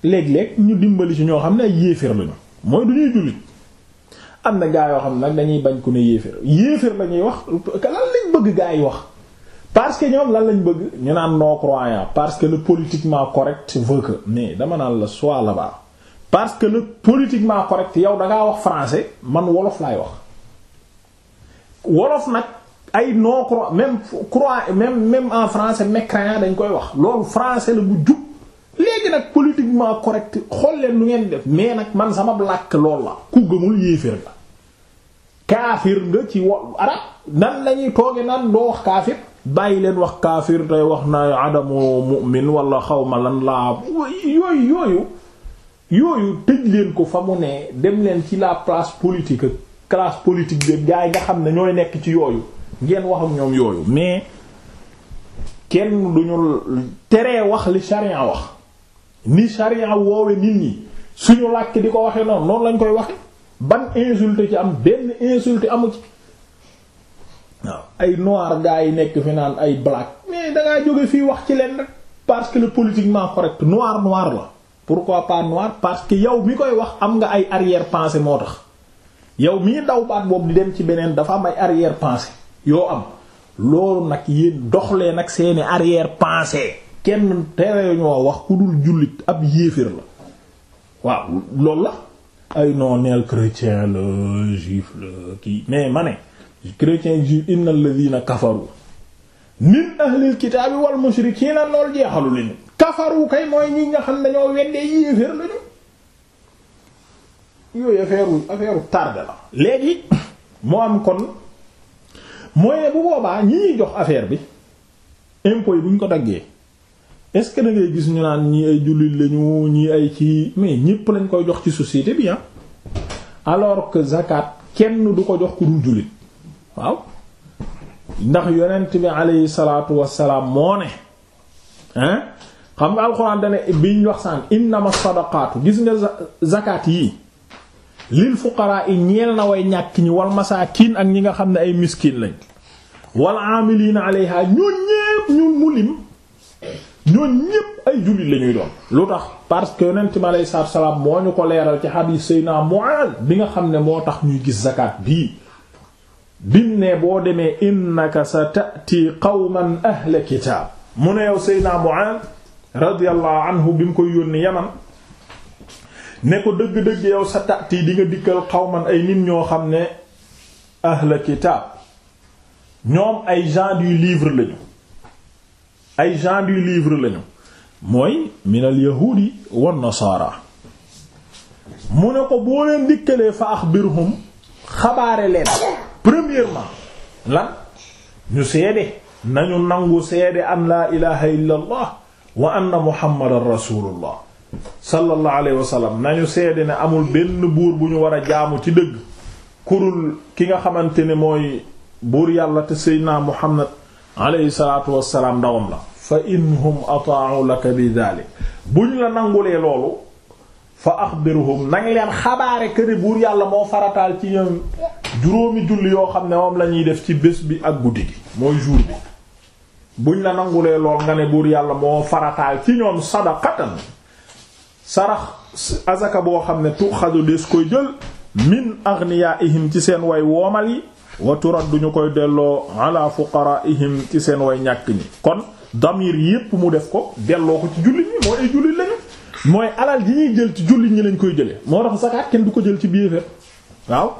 léeg-léeg ñu dimbali si ñoo xam ne ay yéeféer lañu mooy du ñuy jullit am na gaa yoo xam ne nag dañuy bañ ku ne yéeféer yéeféer la ñuy wax lan lañ bëgg gaa yi wax parce que ñoom lan lañ bëgg ñu naan non croyant parce que le politiquement correct veut que mais dama naan la soit là-bas parce que le politiquement correct yow dangaa wax francais man wolof laay wax wolof nag ay non croix même croix même même en français mécréant dañ koy wax loolu français la bu jub léegi nag politiquement correct xool leen lu ngeen def mais nag man sama làkk lool la ku gëmul yéeféer nga kaafir nga ci wo arab nan lañuy tooge nan doo wax kaafir bàyyi leen wax kaafir tey wax na adamu mu'min wala xawma lan laa yooyu yooyu yooyu tëj leen ko fa mu ne dem leen ci la place politique classe politique bi gaa yi nga xam ne ñooy nekk ci yooyu ngeen wax ak ñoom yooyu mais kenn duñu teree wax li sharia wax ni sharia woowe nit ñi suñu làkk di ko waxee noonu noonu lañ koy wax ban insulte ci am benn insulte amu ci waaw ay noir gaa yi nekk fi naan ay black mais dangaa jóge fii wax ci leen rek parce que le politiquement correct noir noir la pourquoi pas noir parce que yow mi koy wax am nga ay arrière pensée moo tax yow mii daw baat boobu di dem ci beneen dafa amay ay arrière yoo am loolu nag yi doxlee nag seeni arrière pensée kenn tere ñoo wax ku dul jullit ab yéeféer la waaw loolu la ay non neel chrétien la juif la kii mais ma ne chrétien juif inna alladhina kafaru min ahlil kitaabi wal mushrikiina loolu jeexalu leen kafaru kay mooy ñi nga xam ne ñoo weddee yéeféer lañu yooyu affaire affaire tardé la léegi moo am kon mooy bu boobaa ñi jox affaire bi impôt yi bu ko daggee est-ce que gis ñu naan ñi ay jullit lañu ñi ay ci mais ñépp lañ koy jox ci société bi ah alors que zakat kenn du ko jox ku dul jullit waaw ndax yonent bi alayhi salaatu wassalaam moo ne hein xam nga alxuraan dane biñ wax saan innama sadaqaatu gis nga zakat yi lil fuqaraa i ñeel na way ñàkk ñi wal masaakiin ak ñi nga xam ne ay miskiin lañ wal amiliina alayha ñoo ñépp ñun mu lim ñoo ñépp ay jullit lañuy doon lu tax parce que yonent mi alayhi salaatu salaam moo ñu ko leeral ci xadiis Seydina Muaaz bi nga xam ne moo tax ñuy gis zakat bii bim ne boo demee innaka sa tati qawman ahla kitaab mu ne yow Seydina Muaaz radiyallahu anhu bi mu koy yónni Yaman ne ko dëgg-dëgg yow sa tati di nga dikkal xawman ay nit ñoo xam ne ahla kitaab ñoom ay gens du livre lañu ay gens du livre lañu mooy minal yahuudi wan nasaara mu ne ko boo leen dikkalee fa axbirhum xabaare leen premièrement lan ñu seede nañu nangu seede an laa ilaha illa allah wa anna muhammadan rasulullah sallallahu alayhi wa sallam nañu seede ne amul benn buur bu ñu war a jaamu ci dëgg kurul ki nga xamante ne mooy buur yàlla te seydinaa muhammad alayhi salaatu wassalaam ndawam la fa inhum ataa'u laka bi daalik bu ñu la nangulee loolu fa axbirhum nang leen xabaare këri buur yàlla moo farataal ci ñoom juróomi julli yoo xam ne moom la ñuy def ci bés bi ak guddi gi mooy jour bi buñ la nangulee lool nga ne buur yàlla moo farataal ci ñoom sadaqatan sarax azaka boo xam ne tuxadu des koy jël min aghniyaihim ci seen woy woomal yi wa turad duñu koy delloo ala fuqaraihim ci seen woy ñàkk ñi kon damir yépp mu def ko delloo ko ci jullit ñi mooy ay jullit lañu mooy alal ji ñuy jël ci jullit ñi lañ koy jële moo tax zakat kenn du ko jël ci biir waaw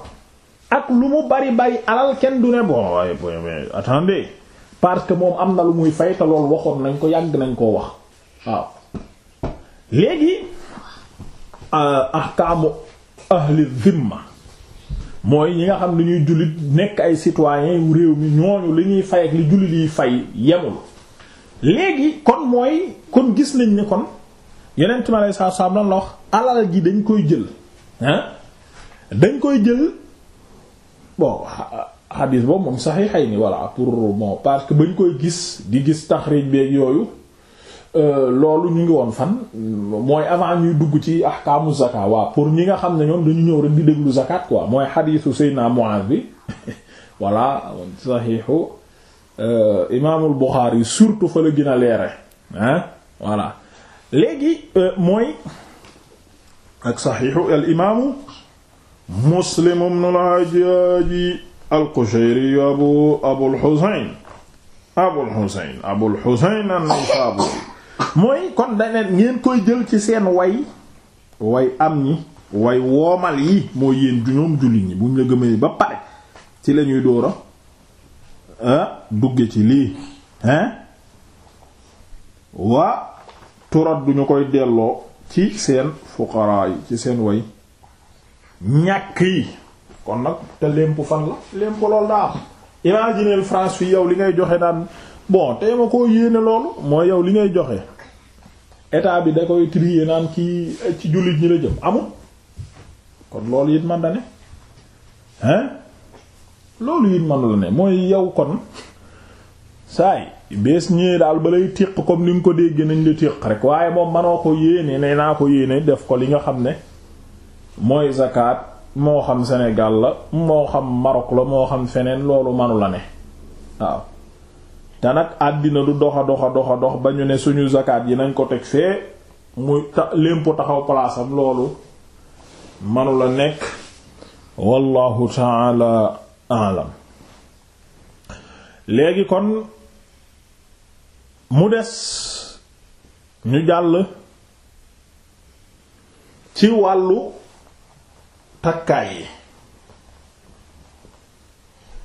ak lu mu bari bari alal kenn du ne bon waaye mais attendez parce que moom am na lu muy fay te waxoon nañ ko yàgg nañ koo wax waaw léegi kaamu ahli dhimma mooy ñi nga xam ne ñuy jullit nekk ay citoyens yu réew mi ñooñu li ñuy fay ak li jullit yi fay yemul léegi kon mooy kon gis nañ ni kon yeneen mi alei satu salaam lan la wax alal ji dañ koy jël ah dañ koy jël bon hadis boobu moom saxixay ni voilà pour bon parce que bañ koy gis di gis taxrij beeg yooyu Euh, loolu ñu ngi woon fan mooy avant ñuy dugg ci ahkaamu zakat waaw pour ñi nga xam ne ñoom dañu ñëw rek di déglu zakat quoi mooy xadiisu Seydina Muaz bi voilà saxiixu euh, imaamul Buxaari surtout fa la gën a leere hein voilà léegi euh, mooy ak saxiixu al imaamu Muslim ibnul Hajjaaji al-Qushayri abu Abul Husayn Abul Husayn Abul Husayn an-Naysaburi mooy kon daneen ngeen koy jël ci seen way woy am ñi way woomal yi mooy yéen ju ñoom julli ñi bu ñu la gëmee ba pare ci lañuy dóora ah dugge ci lii hein waa turat duñu koy delloo ci seen fuqaraa ci seen woy ñàkk yi kon nag te lémp fan la lémp lool daa imagineel France fi yow li ngay joxe naan bon tey ma koo yéene loolu mooy yow li ngay joxe état bi da koy trier naan ci ci jullit ñi la jëm amul kon loolu it man da ne hein loolu it man la ne mooy yow kon saay bees ñëwee daal ba lay tiq comme ni nga ko déggee nañ la tiq rek waaye moom manoo ko yéene ne naa ko yéene def ko li nga xam ne mooy zakat moo xam Sénégal la moo xam Maroc la moo xam feneen loolu manu la ne waaw te nag àddina du doxa doxa doxa dox ba ñu ne suñu zakat yi nañ ko teg fee muy ta lémpo taxaw palaasam loolu manu la nekk wallahu taala alam léegi kon mu des ñu jàll ci wàllu takkaay yi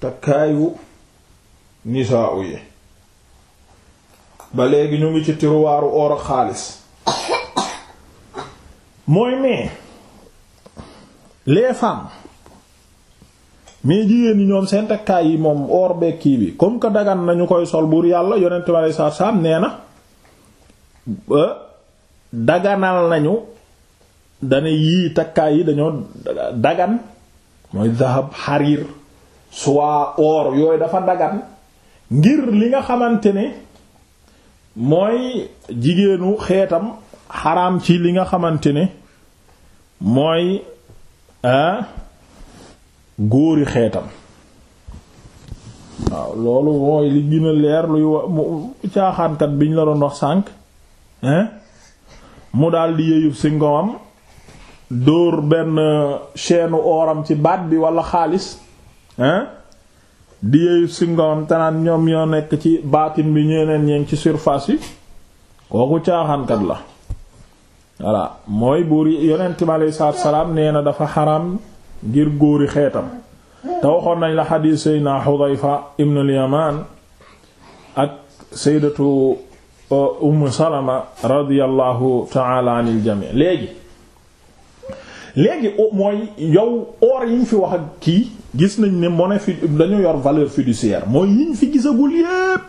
takkaayu nisaa yi ba léegi ñu ngi ci tiruwaaru or ak xaalis mooy ne les femmes mais jigéen yi ñoom seen takkaay yi moom or bekkii bi comme que daggan nañu koy sol buur yàlla yonent ma lay saam nee na daganal nañu dana yii takkaay yi dañoo dagan mooy zahab xariir soit or yooyu dafa dagan ngir li nga xamante ne mooy jigéenu xeetam xaraam ci li nga xamante ne mooy ah góori xeetam waaw loolu mooy li gën leer luy wax caaxaankat biñ la doon wax sànq hein mu daal di yeyub si ngomam dóor benn chaîne oram ci baat bi walla xaalis hein di yeeyu si ngawam tanaan ñoom ñoo nekk ci baatin bi ñeneen ñeen ci surfaas yi kooku caaxaankat la voilà mooy buur yonent mi salaam nee dafa xaram ngir góori xeetam te waxoon nañ la xadiis seydna Xudayfa ibn al ak seydatu Umm uh, Salama radiyallahu ta'ala anil jami léegi léegi oh, mooy yow oor yi ñu fi wax ak kii gis nañ ne monnaie fi dañu yor valeur fiduciaire mooy yiñ fi gisagul yépp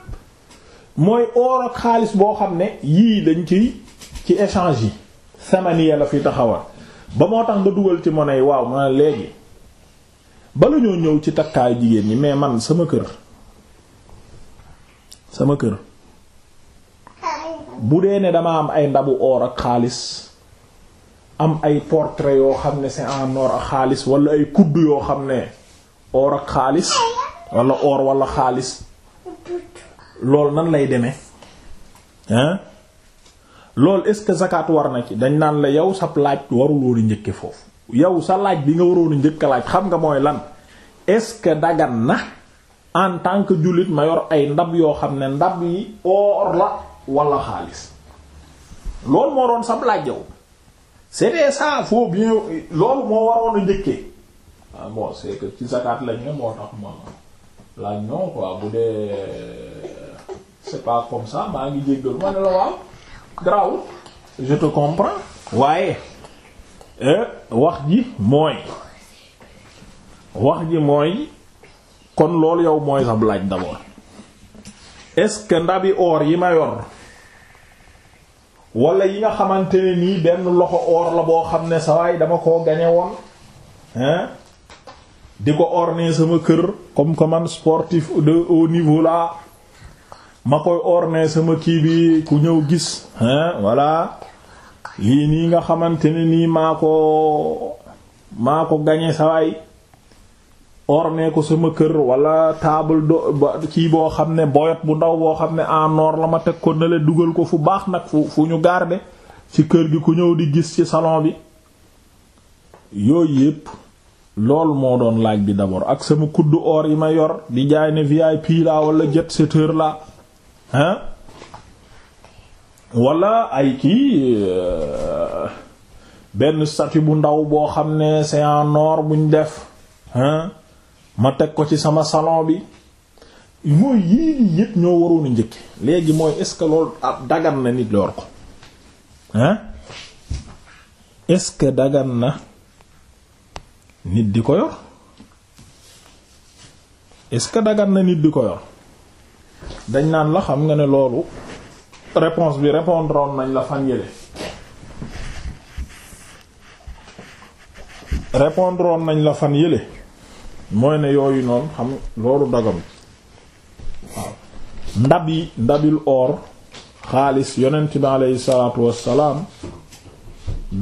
mooy or ak xaalis boo xam ne yii dañ ci ci échange yi samaniya la fi taxawal ba moo tax nga dugal ci yi waaw ma léegi bala ñoo ñëw ci takkaayu jigéen ñi mais man sama kër sama kër bu dee ne dama am ay ndabu or ak xaalis am ay portrait yoo xam ne c'est en or ak xaalis wala ay kudd yoo xam ne or ak xaalis wala or walla xaalis loolu nan lay demee hein loolu est-ce que zakat war na ci dañ naan la yow sab laaj warul woon njëkke foofu yow sa laaj bi nga waroon a laaj xam nga mooy lan est-ce que dagan na en tant que jullit ma yor ay ndab yoo xam ne ndab yi or la wala xaalis loolu moo doon sab laaj yow c'était ça faut loolu moo waroon a ah ci zakat lañ ne moo tax maa ngi jéggalu ma ne la waaye euh, wax ji mooy wax ji mooy kon loolu yow mooy sab laaj d'abord est-ce que ndabi or yi ma yor wala yi nga xamante ne nii benn loxo or la boo xam ne sawaay dama koo gañe hein di ko orne sama kër comme que man sportif de haut niveau la ma koy orner sama kii bi ku ñëw gis hein voilà lii nii nga xamante ne nii maa ko maa ko gañe sawaay orne ko sama kër wala table do kii boo xam ne boyot bu ndaw boo xam ne en or la ma teg ko ne dugal ko fu baax nag fu fu ñu garder ci kër gi ku ñëw di gis ci salon bi yooyu yépp loolu moo doon laaj bi d'abord ak sama kuddu or yi ma yor di jaay ne VIP la wala jet seteur la hein wala ay kii euh, benn statue bu ndaw boo xam ne c'est en buñ def hein ma teg ko ci sama salon bi mooy yii nii yëpp ñoo waroon njëkk léegi mooy est-ce que loolu ab ah, dagan na nit loor ko hein est-ce que dagan na nit di ko yor est-ce que dagan na nit di ko yor dañ naan la xam nga ne loolu réponse bi répondron nañ la fan yële répondron nañ la fan yële mooy ne yooyu noonu xam loolu dagam ndab yi ndabil or xaalis yonent bi aleyhi salaatu wassalaam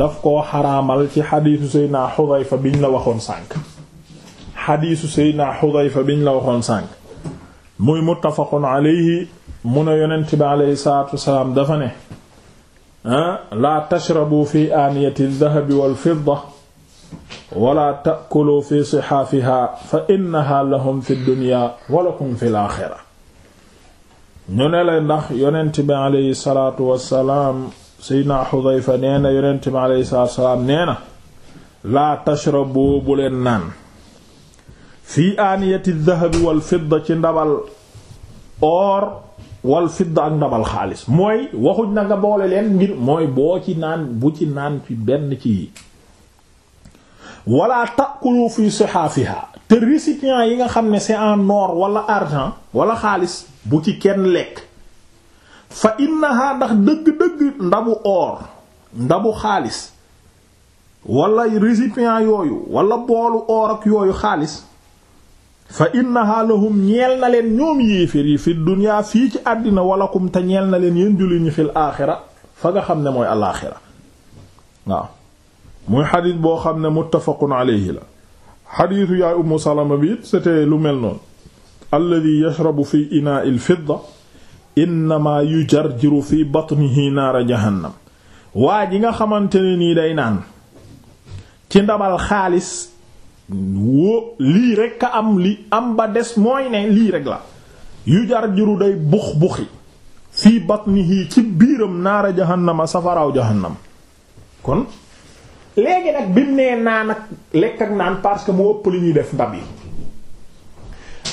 daf koo xaraamal ci xadiisu seydna xudayfa biñ la waxoon sànk xadiisu seydna xudayfa biñ la waxoon sànk muy muttafaqun alayhi mu ne yonent bi aleyhi salaatu wasalaam dafa ne ah, laa tashrabu fi aaniyati dahabi walfidda wala taakulu fi sixaafiha fa innaha lahum fi dunya walakum fi laaxira ñu ne la ndax yonent bi aleyhi salaatu wasalaam seydna xudayfa nee na yonent bi aleyhi salaam nee na laa tashrabu bu leen naan fii aaniyati dahabi wal fidda ci ndabal or wal fidda ak ndabal xaalis mooy waxuñ na nga boole leen ngir mooy boo ci naan bu ci naan fi benn ci yi wala takulu fi sihaafiha te récipient yi nga xam ne c'est en or wala argent wala xaalis bu ci kenn lekk fa innaha ndax dëgg-dëgg ndabu or ndabu xaalis wala récipient yooyu walla boolu or yooyu xaalis fa innaha lahum ñeel na leen ñoom yéefér yi fi dunya fii ci àddina walakum te ñeel na leen yéen jullit ñi fil aaxira fa nga xam ne mooy alaaxira waaw muy xadiis boo xam ne muttafaqun alayhi la xadiisu yaay umu salama bi lu mel noonu alladi yashrabu fi inaa al innama yujarjiru fi batnihi naara jahannam waa ji nga xamante ne nii day naan ci ndabal xaalis wó lii rekk a am li am ba des mooy ne lii rek la yujarjiru day bux buxi fii batnihi ci biiram naara jahannama safaraaw jahannam kon léegi nag bi mu naan ak lekk ak naan parce que mu ëpp li ñuy def ndab yi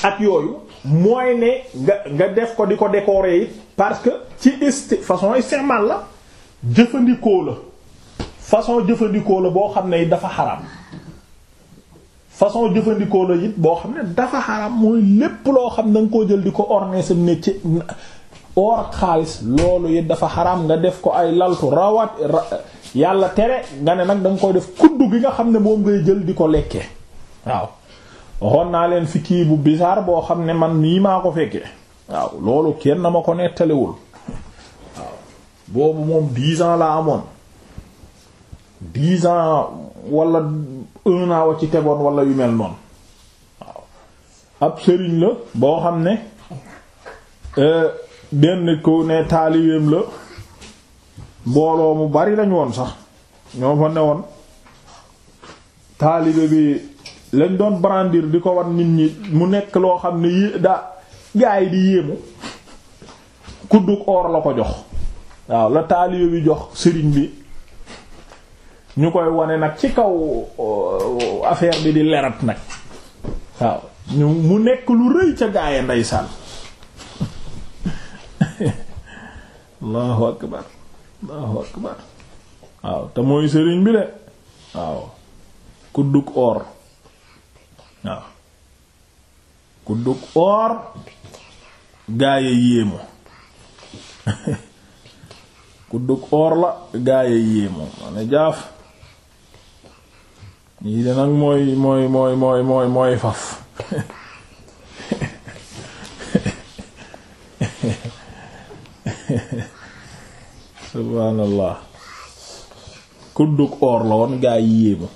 ak yooyu mooy ne nga nga def ko di ko décorer it parce que ci isti façon istimal la jëfandikoo la façon jëfandikoo la boo xam ne dafa xaram façon jëfandikoo la it boo xam ne dafa xaraam mooy lépp loo xam da nga koo jël di ko orner sam ne ci or xaalis loolu it dafa xaram nga def ko ay laltu rawat yàlla tere nga ne nag da nga koy def kuddu gi nga xam ne moom ngay jël di ko lekke waaw waxoon naa leen fi kii bu bizarre boo xam ne man nii maa ko fekkee waaw loolu kenn na ma ko nettalewul waaw boobu moom dix ans laa amoon dix ans wala un an wa ci tegoon wala yu mel noonu waaw ab sëriñ la boo xam ne euh, benn ko ne taalibeem la mbooloo mu bari lañ woon sax ñoo fa ne woon taalibe bi lañ doon brandir di ko wan nit ñi mu nekk loo xam ne yé daa gaay di yéemu kudduk or la ko jox waaw la taalibe bi jox sëriñ bi ñu koy wane nag ci kaw euh, affaire bi di lerat nag waaw ñu mu nekk lu rëy ca gaaya ndeysaan allahu akbar allahu akbar waaw te mooy sëriñ bi de waaw kudduk or waaw ku dug or gaaya yéemu ku dug or la gaaya yéemu ma ne jaaf yii de nag mooy mooy mooy mooy mooy mooy faf subhaanallah ku dug la woon gaay yéemu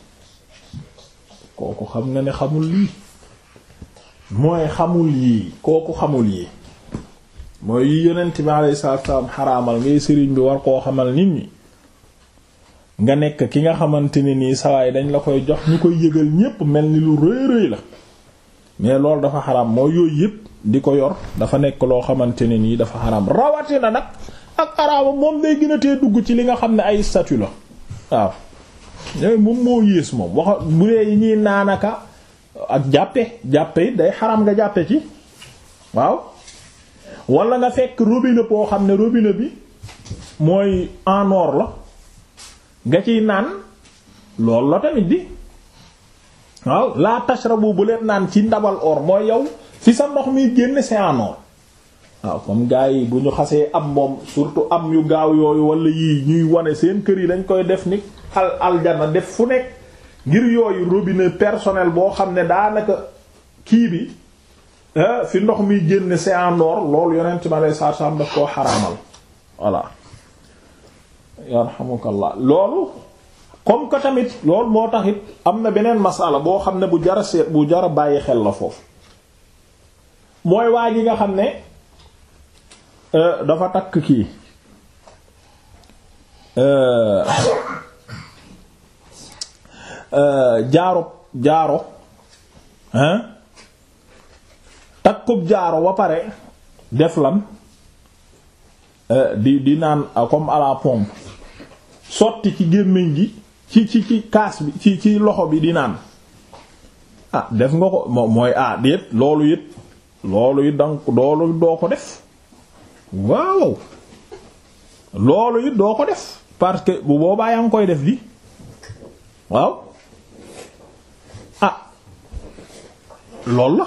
kooku xam nga ne xamul lii mooy xamul yii kooku xamul yii mooy yi yonent bi alayhi salaatu salaam xaraamal ngay sëriñ bi war koo xamal nit ñi nga nekk ki nga xamante ne nii sawaay dañ la koy jox ñu koy yëgal ñépp mel ni lu rëy rëy la mais loolu dafa xaraam moo yooyu yépp di ko yor dafa nekk loo xamante ne nii dafa xaraam na nag ak xaraama moom day gën a dugg ci li nga xam ne ay statut la waaw moom moo yées moom wax bu dee yi ñuy naanaka ak jàppe jàppe it day xaram nga jàppe ci waaw wala nga fekk robine boo xam ne robine bi mooy en la nga ciy naan loolu la tamit di waaw laa tashrabu bu leen naan ci ndabal or mooy yow fi sa ndox mi génn c'est en waaw comme gars yi bu ñu xasee am moom surtout am yu gaaw yooyu walla yii ñuy wane seen kër yi dañ koy def ni al aljana def fu nekk ngir yooyu robinet personnel boo xam ne daanaka kii bi fi ndox mi jën c'est en or loolu yonent ma lay saar saam daf koo xaraamal voilà yarhamukallah loolu comme que tamit lool moo taxit am na beneen masala boo xam ne bu jara seet bu jara bàyyi xel la foofu mooy waa yi nga xam ne euh, dafa takk kii euh, Euh, jaaro jaaro hein takkub jaaro ba pare def lan euh, di di naan euh, comme à la pompe sotti ci gémmiñ gi ci ci ci kaas bi ci ci loxo bi di naan ah def nga ko mooy ah déet loolu it loolu it danga loolu it doo ko def waaw loolu it doo ko def parce que bu boobaa yaa ngi koy def di waaw loolu la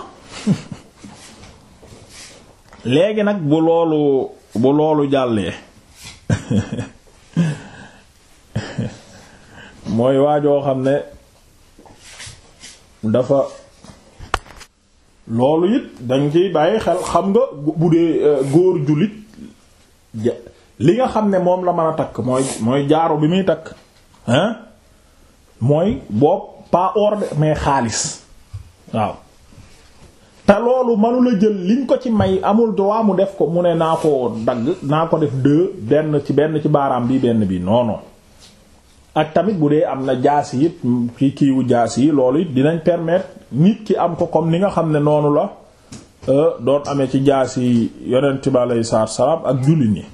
léegi nag bu loolu bu loolu jàllee mooy waajoo xam ne dafa loolu it danga ciy bàyyi xel xam nga bu dee euh, góor jullit li nga xam ne moom la mën a takk mooy mooy jaaro bi muy takk hein mooy boob pas or mais xaalis waaw te loolu mënula jël liñ ko ci may amul droit mu def ko mu ne naa ko dagg naa ko def deux benn ci benn ci baaraam bi benn bi noonu ak tamit bu dee am na jaas yi ki kiiwu jaas yi loolu dinañ permettre nit ki am ko comme ni nga xam ne noonu la euh, doon amee ci jaas yi yonent bi aleyhi salaatu salaam ak jullit yi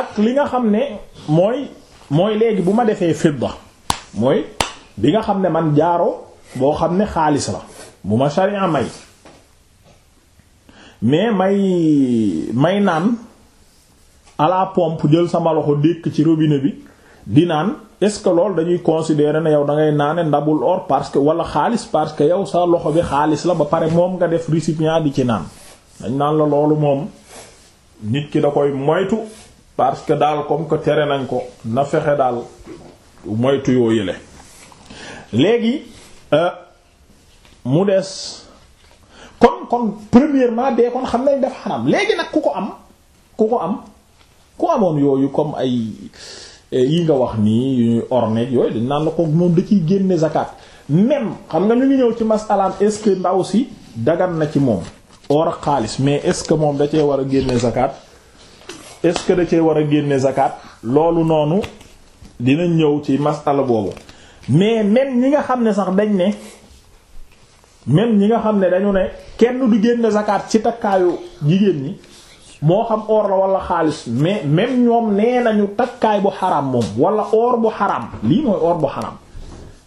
ak li nga xam ne mooy mooy léegi bu ma defee fidda mooy bi nga xam ne man jaaro boo xam ne xaalis la bu ma sharia may mais may may naan à la jël sama loxo dékk ci robine bi di naan est-ce que loolu dañuy considérer ne yow da ngay naane ndabul or parce que wala xaalis parce que yow sa loxo bi xaalis la ba pare moom nga def récipient di ci naan dañ naan la loolu moom nit ki da koy moytu parce que daal comme que tere nañ ko na fexe daal moytu yoo yële léegi. Euh, mu des kon kon premièrement dee kon xam nañ def xaram léegi nag ku ko am ku ko am ku amoon yooyu comme ay eh, yi nga wax nii yu ñuy orne yooyu dañ naan la ko moom da ciy génne zakat même xam nga ñu ngi ñëw ci masalaam est-ce que ndaw si dagan na ci moom or a xaalis mais est-ce que moom da cee war a génne zakat est-ce da cee war a génne zakat loolu noonu dinañ ñëw ci masala boobu mais même ñi nga xam ne sax dañ ne même ñi nga xam ne dañu ne kenn du génn zakat ci takkaayu jigéen ñi moo xam or la wala xaalis mais même ñoom nee nañu takkaay bu xaram moom wala or bu xaram lii mooy or bu xaram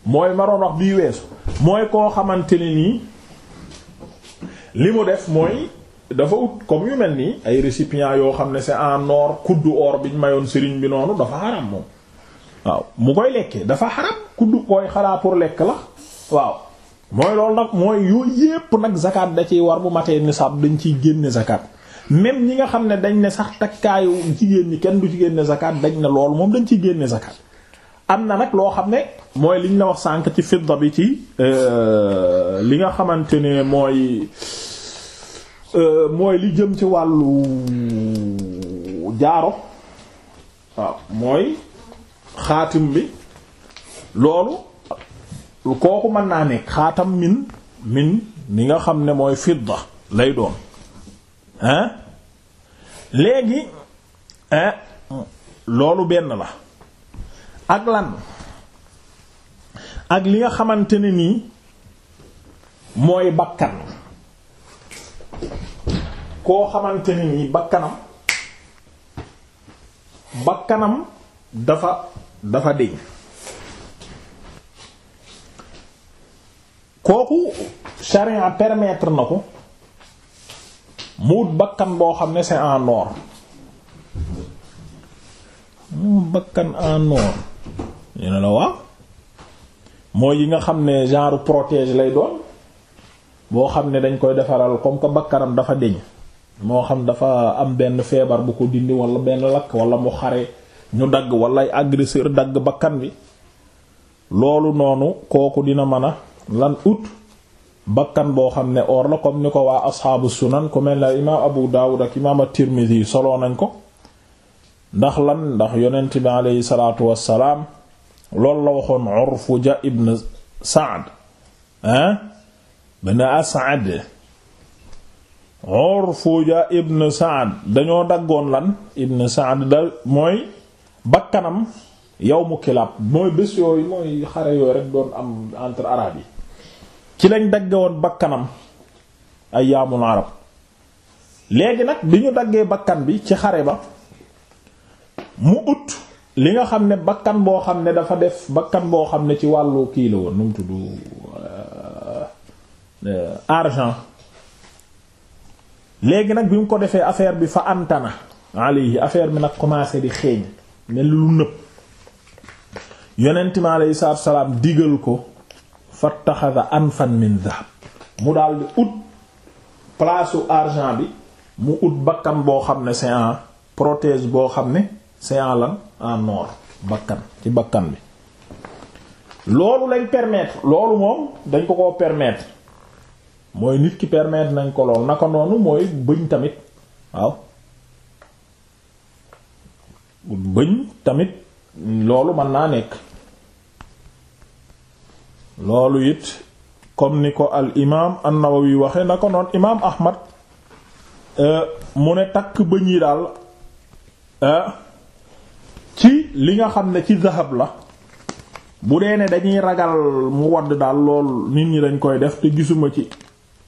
mooy ma doon wax bii weesu mooy koo xamante ne nii li mu def mooy dafa ut comme yu mel nii ay récipients yoo xam ne c'est en or kudd or biñ mayoon sëriñ bi noonu dafa xaram moom waaw mu koy lekkee dafa xaram kuddu koy xalaa lekk la waaw mooy loolu nag mooy yooyu yépp nag zakat da ci war bu matee nisaab dañ ciy génne zakat même ñi nga xam ne dañ ne sax takkaayu jigéen ñi kenn du ci génne zakat dañ ne loolu moom dañ ciy génne zakat am na nag loo xam ne mooy liñ la wax sànq ci fidda bi ci euh, li nga xamante ne mooy euh, mooy li jëm ci wàllu jaaro waaw mooy xaatum bi loolu kooku mën naa ne xaatam min min ni nga xam ne mooy fidda lay doon hein léegi loolu benn la ak lan ak li nga xamante ne nii mooy bakkan koo xamante ne nii bakkanam bakkanam dafa dafa deñ kooku charia permettre na ko muut bakkan boo xam ne c'est en or bakkan en or ñu ne la waaw mooy yi nga xam ne genre protège lay doon boo xam ne dañ koy defaral comme que bakkanam dafa deñ moo xam dafa am benn feebar bu ko dindi wala benn lakk wala mu xare ñu dagg wala ay agresseur dagg bakkan bi loolu noonu kooku dina mën a lan ut bakkan boo xam ne or la comme ni ko waa asxaabu sunan ku mel ne imaam Abu Dawud ak imaam at-Tirmidhi soloo nañ ko ndax lan ndax yonent bi aleyhi salaatu wassalaam loolu la waxoon Urfuja ibn Sa'd ah ibn As'ad Urfuja ibn Sa'd dañoo daggoon lan ibn Sa'd da mooy bakkanam yow mu kilaab mooy bés yooyu mooy xare yooyu rek doon am entre araab yi ci lañ dagge woon bakkanam ayyaamul arab léegi nag bi ñu daggee bakkan bi ci xare ba mu ut li nga xam ne bakkan boo xam ne dafa def bakkan boo xam ne ci wàllu kii la woon nu tuddu euh, argent léegi nag bi mu ko defee affaire bi fa antana alayhi affaire bi nag commencé di xeeñ ne lu nëb yonent mi alayhi salaam digal ko fattaxada anfan min dahab mu daal di ut place argent bi mu ut bakkan boo xam ne c'est en boo xam ne c'est en lan en or bakkan ci bakkan bi loolu lañ permettre loolu moom dañ ko koo permettre mooy nit ki permettre nañ ko lool naka noonu mooy bëñ tamit waaw bëñ tamit loolu mën naa nekk loolu it comme ni ko al imaam an-Nawawi waxe na ko noon imaam Ahmad euh, mu ne takk bëñ yi daal euh, ci li nga xam ne ci zahab la bu dee ne dañuy ragal mu wadd daal loolu nit ñi dañ koy def te gisuma ci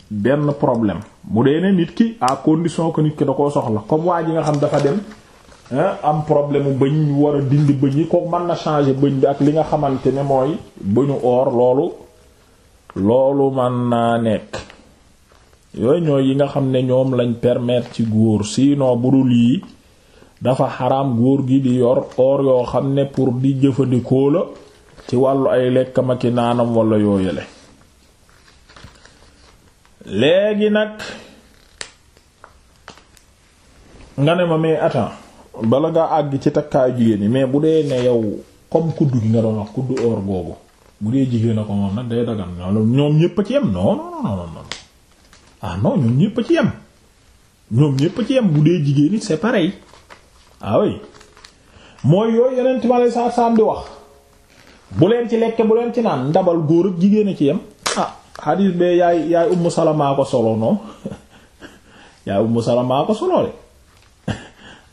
benn problème bu dee ne nit ki à condition ko nit ki da koo soxla comme waa ji nga xam dafa dem Ah, am problème mu bëñ war a dindi bëñ yi kooku mën na changer bëñ bi ak li nga xamante ne mooy bëñu or loolu loolu mën naa nekk yooyu ñooy yi nga xam ne ñoom lañ permettre ci góor sinon bu yi dafa xaram góor gi di yor or yoo xam ne pour di jëfandikoo la ci wàllu ay lekkam ak i naanam wala yoo yële léegi nag nga ne ma mais attends bala ngaa àgg ci takkaayu jigéen ñi mais bu dee ne yow comme kuddu gi nga doon wax kuddu or googu bu dee jigéen a ko moom nag day dagan ñoom a ci ah ñoom ñépp a ci yem ñoom ñépp a ci yem bu dee jigéen it c'est pareil ah oui mooy yooyu yeneen ma lay saa saam di wax bu leen ci lekke bu leen ci naan ndabal góor ak jigéen a ci yem ah hadis bee yaay yaay ummu salama ko solo non yaay ummu salama ko solo de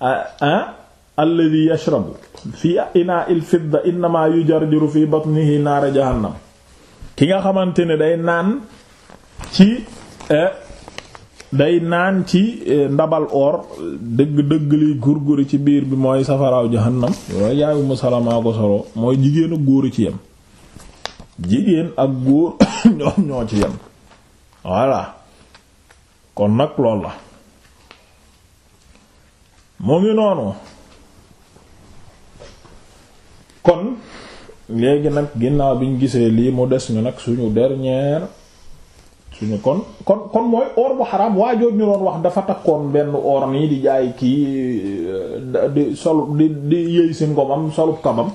Ah, ah? alladi yashrabu fi inaa il fidda innama yujarjiru fi batnihi naara jahannam ki nga xamante ne day naan ci eh, day naan ci eh, ndabal or dëgg-dëgg liy gurguri ci biir bi mooy safaraw jahannam yooyu yaayu musalamaa ko solo mooy jigéen ak góor ci yem jigéen ak góor ñoom ci yem voilà kon nag lool la mu ngi noonu kon léegi nag ginnaaw bi ñu gisee lii mu des ñu nag suñu dernière suñu kon kon kon mooy or bu xaraam waa jooj ñu doon wax dafa takkoon benn or nii di jaay kii euh, di sol di di yëy si ngomam solub kabam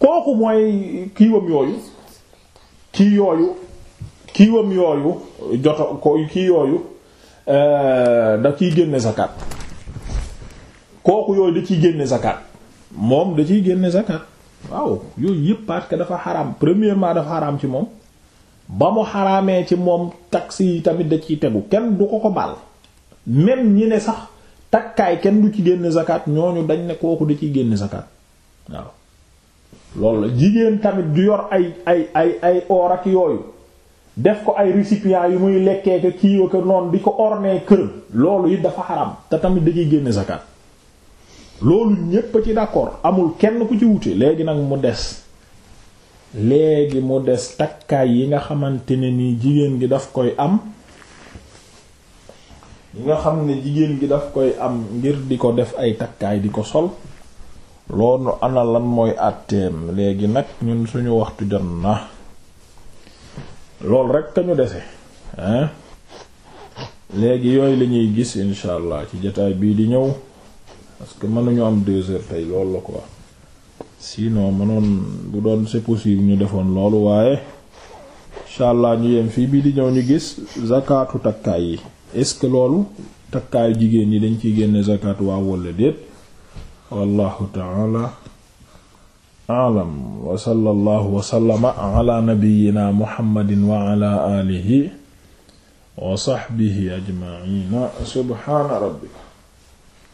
kooku mooy kiiwam yooyu kii yooyu kiiwam yooyu joto ko kii yooyu euh, da kiy génne zakat kooku yooyu da ciy génne zakat moom da ciy génne zakat waaw yooyu yëpp parce que dafa xaram premièrement dafa xaraam ci moom ba mu xaramee ci moom taxe yi tamit da ciy tegu kenn du ko ko baal même ñi ne sax takkaay kenn du ci génne zakat ñooñu dañ ne kooku da ciy génne zakat waaw loolu la jigéen tamit du yor ay ay ay ay ak yooyu def ko ay récipients yu muy lekkee ka kii ko noonu bi ko ornee kër loolu it dafa xaram te tamit da ciy génne zakat loolu ñépp ci d'accord amul kenn ku ci wute léegi nag mu des léegi mu des takkaay yi nga xamante ne ni jigéen gi daf koy am yi nga xam ne jigéen gi daf koy am ngir di ko def ay takkaay di ko sol loolu ana lan mooy àtteem léegi nag ñun suñu waxtu jot na loolu rek ka ñu dese hein léegi yooyu lañuy gis incha ci jotaay bii di ñëw parce que mënuñu am deux heures tey loolu la quoi sinon mënoon bu doon c'est possible ñu defoon loolu waaye incha allah ñu yem fii bii di ñëw ñu gis zakatu takkaay yi est-ce que loolu takkaay jigéen ñi dañ ciy génne zakat waa walla déet wallahu ta'ala a'lam wa sallallahu wa sallama ala nabiyyina muhammadin